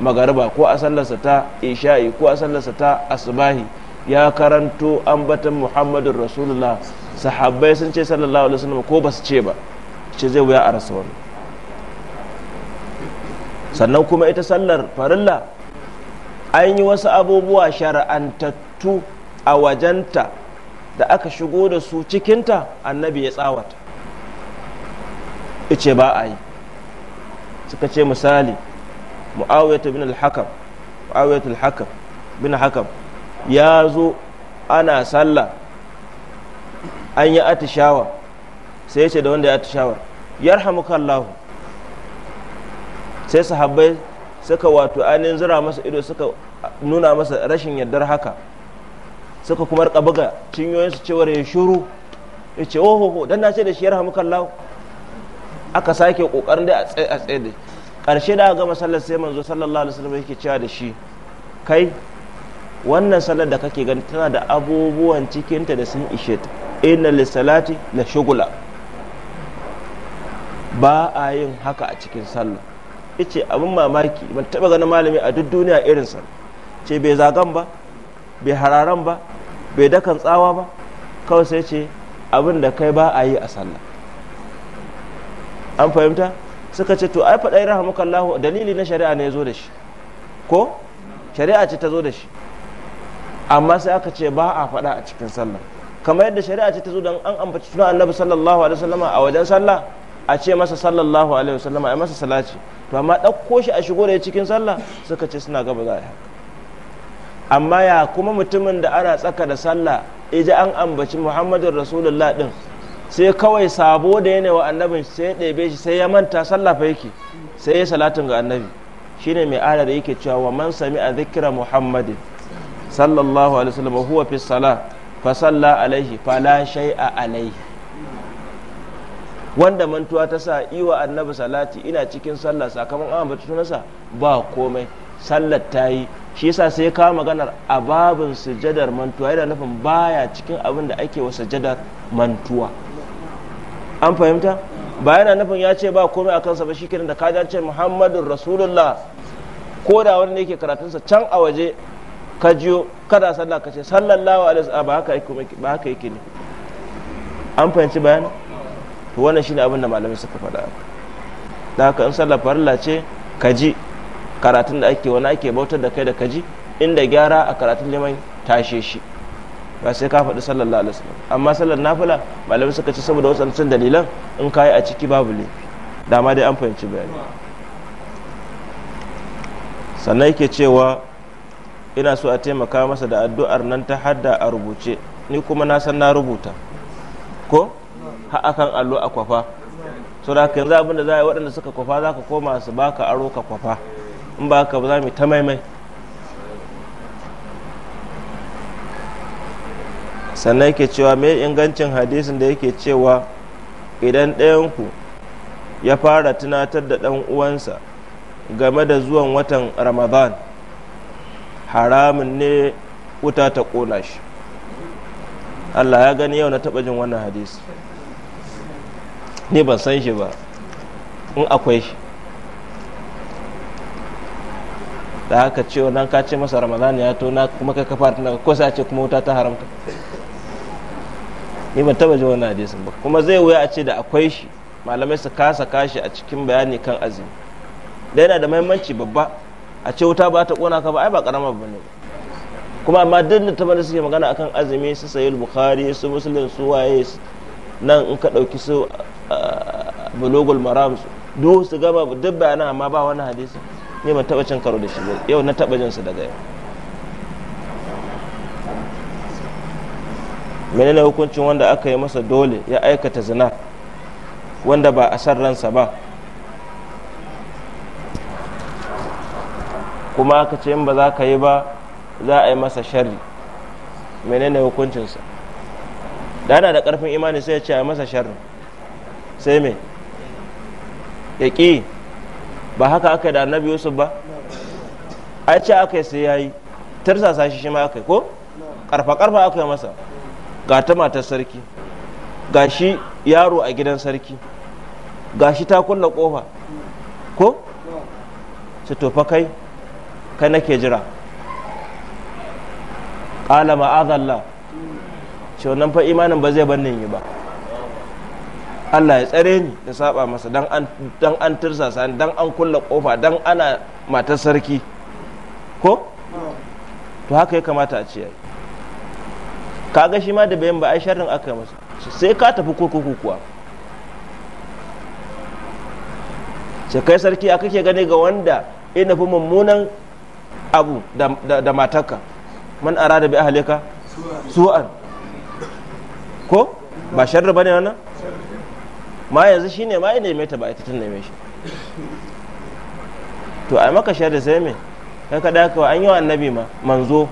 magariba ko a sallarsa ta isha'i ko a sallarsa ta asbahi ya karanto ambatan muhammadun rasulullah sahabbai sun ce sallallahu alaihi wasallam ko ba su ce ba ce zai wuya a rasa wani sannan kuma ita sallar farilla an yi wasu abubuwa shara'antattu a wajenta da aka shigo da su cikinta annabi ya tsawata ice ba a yi suka ce misali mu'awiyatu bin al-hakam mu'awiyatu al-hakam bin hakam ya zo ana sallah an yi atishawa sai ya ce da wanda ya atishawa yarhamukallahu sai sahabbai suka wato ainihin zira masa ido suka nuna masa rashin yardar haka suka kuma rika buga cinyoyinsu cewar ya shuru ya ce oh don na ce da shi ya rahamu kallahu aka sake kokarin da a tsaye da karshe da gama sallar sai manzo sallallahu alaihi wasallam yake cewa da shi kai wannan sallar da kake gani tana da abubuwan cikinta da sun ishe ta inna salati la shugula ba a yin haka a cikin sallah yace abin mamaki ban taba ganin malami a duk duniya irin sa ce bai zagan ba bai hararan ba bai dakan tsawa ba kawai sai ce abin da kai ba a yi a sallah an fahimta suka ce to ai faɗa Allah dalili na shari'a ne ya zo da shi ko shari'a ce ta zo da shi amma sai aka ce ba a faɗa a cikin sallah kamar yadda shari'a ce ta zo don an ambaci tunan annabi sallallahu alaihi wasallama a wajen sallah a ce masa sallallahu alaihi wasallama a masa salaci to amma ɗauko shi a shigo da cikin sallah suka ce suna gaba za a yi haka amma ya kuma mutumin da ana tsaka da sallah ija an ambaci muhammadin rasulullah din sai kawai sabo da yanayi wa annabin sai ya ɗebe shi sai ya manta sallah fa yake sai ya salatin ga annabi shine mai ala da yake cewa wa man sami a zikira muhammadin sallallahu alaihi wasallam huwa fi sala fa salla alaihi fa la shay'a alaihi wanda mantuwa ta sa iwa annabi salati ina cikin sallah sakamakon an ambaci tunansa ba komai sallar ta yi shi yasa sai kawo maganar a babin sujadar mantuwa yana nufin baya cikin abin da ake wa sujadar mantuwa an fahimta ba yana nufin ya ce ba komai a kansa ba shi da ka ce muhammadun rasulullah ko da wani ne ke karatunsa can a waje ka jiyo kada sallah ka ce sallallahu alaihi wa ba haka yake ba haka yake ne an fahimci bayan to wannan shine abin da malamai suka faɗa da haka in sallah farilla ce ka ji karatun da ake wani ake bautar da kai da kaji inda gyara a karatun liman tashe shi ba sai ka faɗi sallar alaihi wasallam amma sallar nafila malamai suka ci saboda wasancan dalilan in kayi a ciki babu ne dama dai an fahimci bayani sannan yake cewa ina so a taimaka masa da addu'ar nan ta hadda a rubuce ni kuma na san na rubuta ko ha akan allo a kwafa so da yanzu abin da za a yi waɗanda suka kwafa za ka koma su baka aro ka kwafa in ba haka ba za mu ta maimai sannan yake cewa mai ingancin hadisin da yake cewa idan ɗayanku ya fara tunatar da ɗan uwansa game da zuwan watan ramadan haramun ne wuta ta ƙona shi allah ya gani yau na taɓa jin wannan hadisi ni ban san shi ba in akwai shi da aka ce wannan ka ce masa ramadan ya to na kuma ka kafa tana ko sai a ce kuma wuta ta haramta ni ban taba jin wannan hadisin ba kuma zai wuya a ce da akwai shi malamai su kasa kashi a cikin bayani kan azumi da yana da mahimmanci babba a ce wuta ba ta kona ka ba ai ba karama ba ne kuma amma duk da da suke magana akan azumi su sayi bukhari su muslim su waye nan in ka ɗauki su ah, bulogul maram su duk su gaba duk bayanan amma ba wani hadisi ne ban taba cin karo da shi yau na taba jinsa daga yau menene hukuncin wanda aka yi masa dole ya aikata zina wanda ba a san ransa ba kuma aka ce in ba za ka yi ba za a yi masa sharri menene hukuncinsa dana da karfin imani sai ya ce a yi masa sharri sai me ya ƙi ba haka aka yi da annabi yusuf ba ai ce aka yi sai ya yi tarsasa shi shi ma aka yi ko karfa karfa aka yi masa ga ta matar sarki ga shi yaro a gidan sarki ga shi ta kulla kofa ko su tofa kai kai nake jira ƙala ma'azallah ce wannan fa imanin ba zai bannin yi ba Allah ya tsare ni ya saba masa dan an dan an tirsasa dan an kulla kofa dan ana matar sarki ko to haka ya kamata a ce kaga shi ma da bayan ba ai sharrin aka masa sai ka tafi kurkuku kuwa sai kai sarki aka ke gani ga wanda ina fi mummunan abu da matarka man arada bi ahlika su'an ko ba sharri bane wannan ma yanzu shine ma ya neme ta ba ita ta neme shi to a maka shari sai me kai ka dakawa an yi wa annabi ma manzo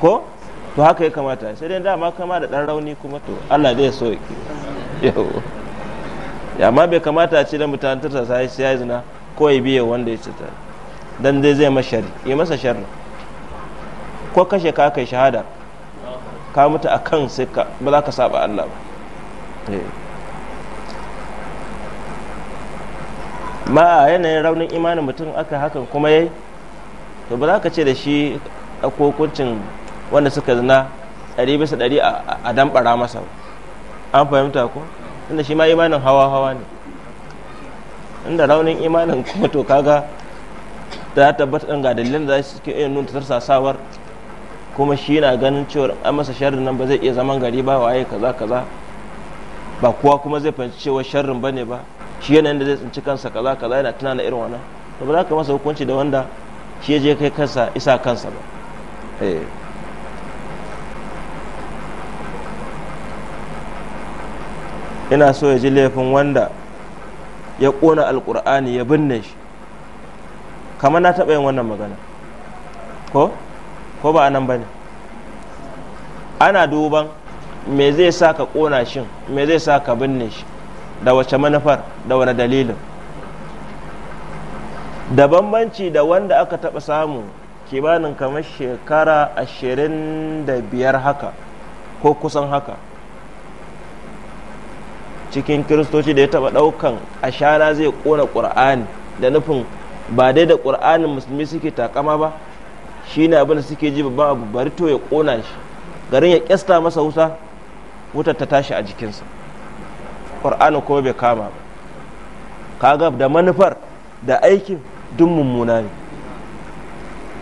ko to haka ya kamata sai dai dama kama da dan rauni kuma to Allah zai so yake ya ma bai kamata a ce da mutanen ta sai sai ya zina ko ya biye wanda ya ce ta dan dai zai masa ya masa sharri ko kashe ka kai shahada ka mutu akan sai ba za ka saba Allah ba eh. ma yanayin raunin imanin mutum aka hakan kuma yayi to ba za ka ce da shi a kokuncin wanda suka zina ɗari bisa ɗari a damɓara masa an fahimta ko inda shi ma imanin hawa hawa ne inda raunin imanin kuma to kaga ta tabbata ɗan ga dalilin da su ke iya nuna tarsasawar kuma shi na ganin cewa an masa sharrin nan ba zai iya zaman gari ba waye kaza kaza ba kowa kuma zai fahimci cewa sharrin ba ne ba shi yanayin da zai tsinci kansa kaza kaza yana tunana irin wannan to ba za ka masa hukunci da wanda shi je kai kansa isa kansa ba eh. ina so ya ji laifin wanda ya ƙona alƙur'ani ya binne shi kamar na taɓa yin wannan magana ko ko ba anan ba ne ana duban me zai sa ka ƙona shin me zai sa ka binne shi da wace manufar da wani dalilin da bambanci da wanda aka taba samu kimanin kamar shekara ashirin da biyar haka ko kusan haka cikin kiristoci da ya taba ɗaukan ashana zai ƙona ƙur'ani da nufin ba dai da ƙur'anin musulmi suke takama ba shi ne abin da suke ji babban abu bari to ya ƙona shi garin ya ƙyasta masa wuta wutar ta tashi a jikinsa ƙur'ani ko bai kama ba kaga da manufar da aikin duk mummuna ne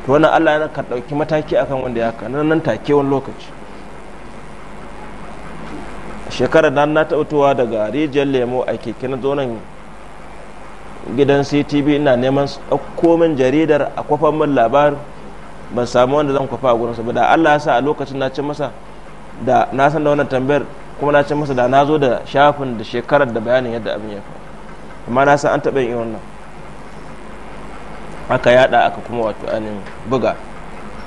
to wannan Allah ya ka ɗauki mataki akan wanda ya kana nan take wani lokaci shekarar nan na tautuwa daga rijiyar lemo a keke na zonan gidan ctv ina neman komin jaridar a kwafan min labarin ban samu wanda zan kwafa a gurinsa ba da Allah ya sa a lokacin na ci masa da na san da wannan tambayar kuma na ce masa da na zo da shafin da shekarar da bayanin yadda abin ya faru amma na san an taɓa yin wannan aka yada aka kuma wato anin buga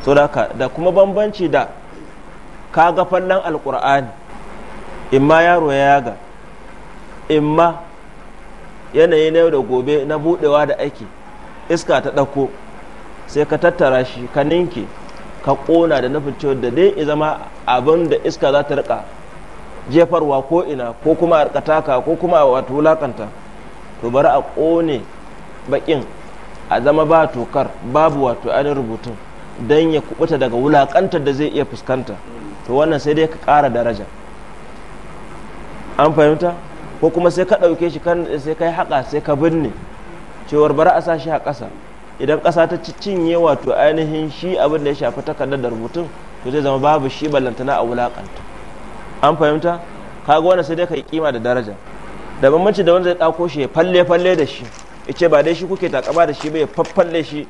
so da da kuma bambanci da ka ga fallon alkur'ani ma yaro ya yaga in ma yanayi na yau da gobe na buɗewa da ake iska ta ɗauko sai ka tattara shi ka ninke ka ƙona da nufin cewa da dai zama abin da iska za ta rika jefarwa ko ina ko kuma a kataka ko kuma a wato wulakanta to bari a ƙone bakin a zama ba tokar babu wato ainihin rubutun don ya kubuta daga wulakantar da zai iya fuskanta to wannan sai dai ka ƙara daraja an fahimta ko kuma sai ka ɗauke shi sai ka yi haƙa sai ka binne cewar bari a sa shi a ƙasa idan ƙasa ta cinye wato ainihin shi abin da ya shafi takardar da rubutun to zai zama babu shi ballantana a wulaƙanta an fahimta kaga wanda sai dai ka yi kima da daraja da bambanci da wanda zai ɗauko shi ya falle falle da shi ya ce ba dai shi kuke takama da shi ba ya faffalle shi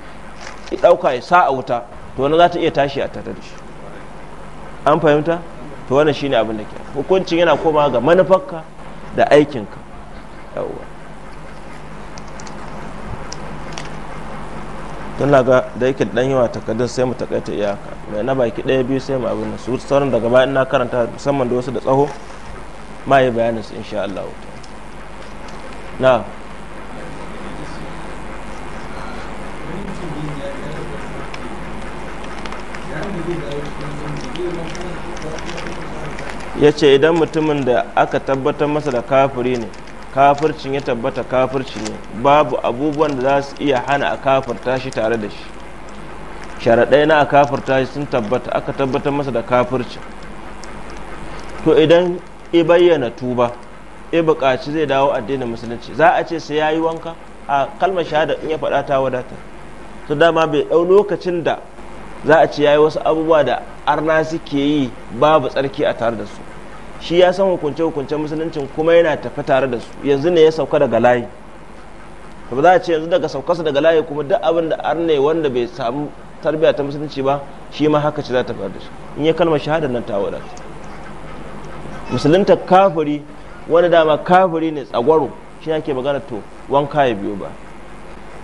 ya ɗauka ya sa a wuta to wani za ta iya tashi a tare da shi an fahimta to wannan shine abin da ke hukuncin yana koma ga manufarka da aikinka yawwa tun ga da yake dan yawa takardun sai mu takaita iyaka mai na baki ɗaya biyu sai mu abin su sauran daga baya ina karanta musamman da wasu da tsaho ma yi bayanin su insha Allah na ya ce idan mutumin da aka tabbatar masa da kafiri ne kafircin ya tabbata kafirci ne babu abubuwan da za su iya hana a kafirta shi tare da shi sharaɗai na a kafirta shi sun tabbata aka tabbatar masa da kafirci to idan i bayyana tuba i buƙaci zai dawo addinin musulunci za a ce sai ya yi wanka a kalmar shahada in ya faɗa ta wadata su dama bai ɗau lokacin da za a ce ya yi wasu abubuwa da arna suke yi babu tsarki a tare da su shi ya san hukunce hukuncen musuluncin kuma yana tafi tare da su yanzu ne ya sauka daga layi ba za a ce yanzu daga saukarsa daga layi kuma duk abin da arne wanda bai samu tarbiyya ta musulunci ba shi ma haka ce za ta faru da shi in ya kalmar shahada nan ta wada musulunta kafiri wani dama kafiri ne tsagwaro shi ake magana to wanka ya biyo ba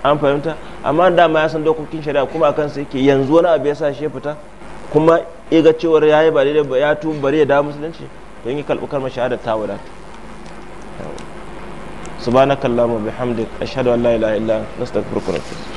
an fahimta amma dama ya san dokokin shari'a kuma a kansa yake yanzu wani abu ya sa shi fita kuma iga cewar ya yi ba daidai ba ya tubu bari ya dawo musulunci don yi kalbi kalmar shahada ta wadata subhanakallahumma bihamdik ashhadu an la ilaha illa anta astaghfiruka wa atubu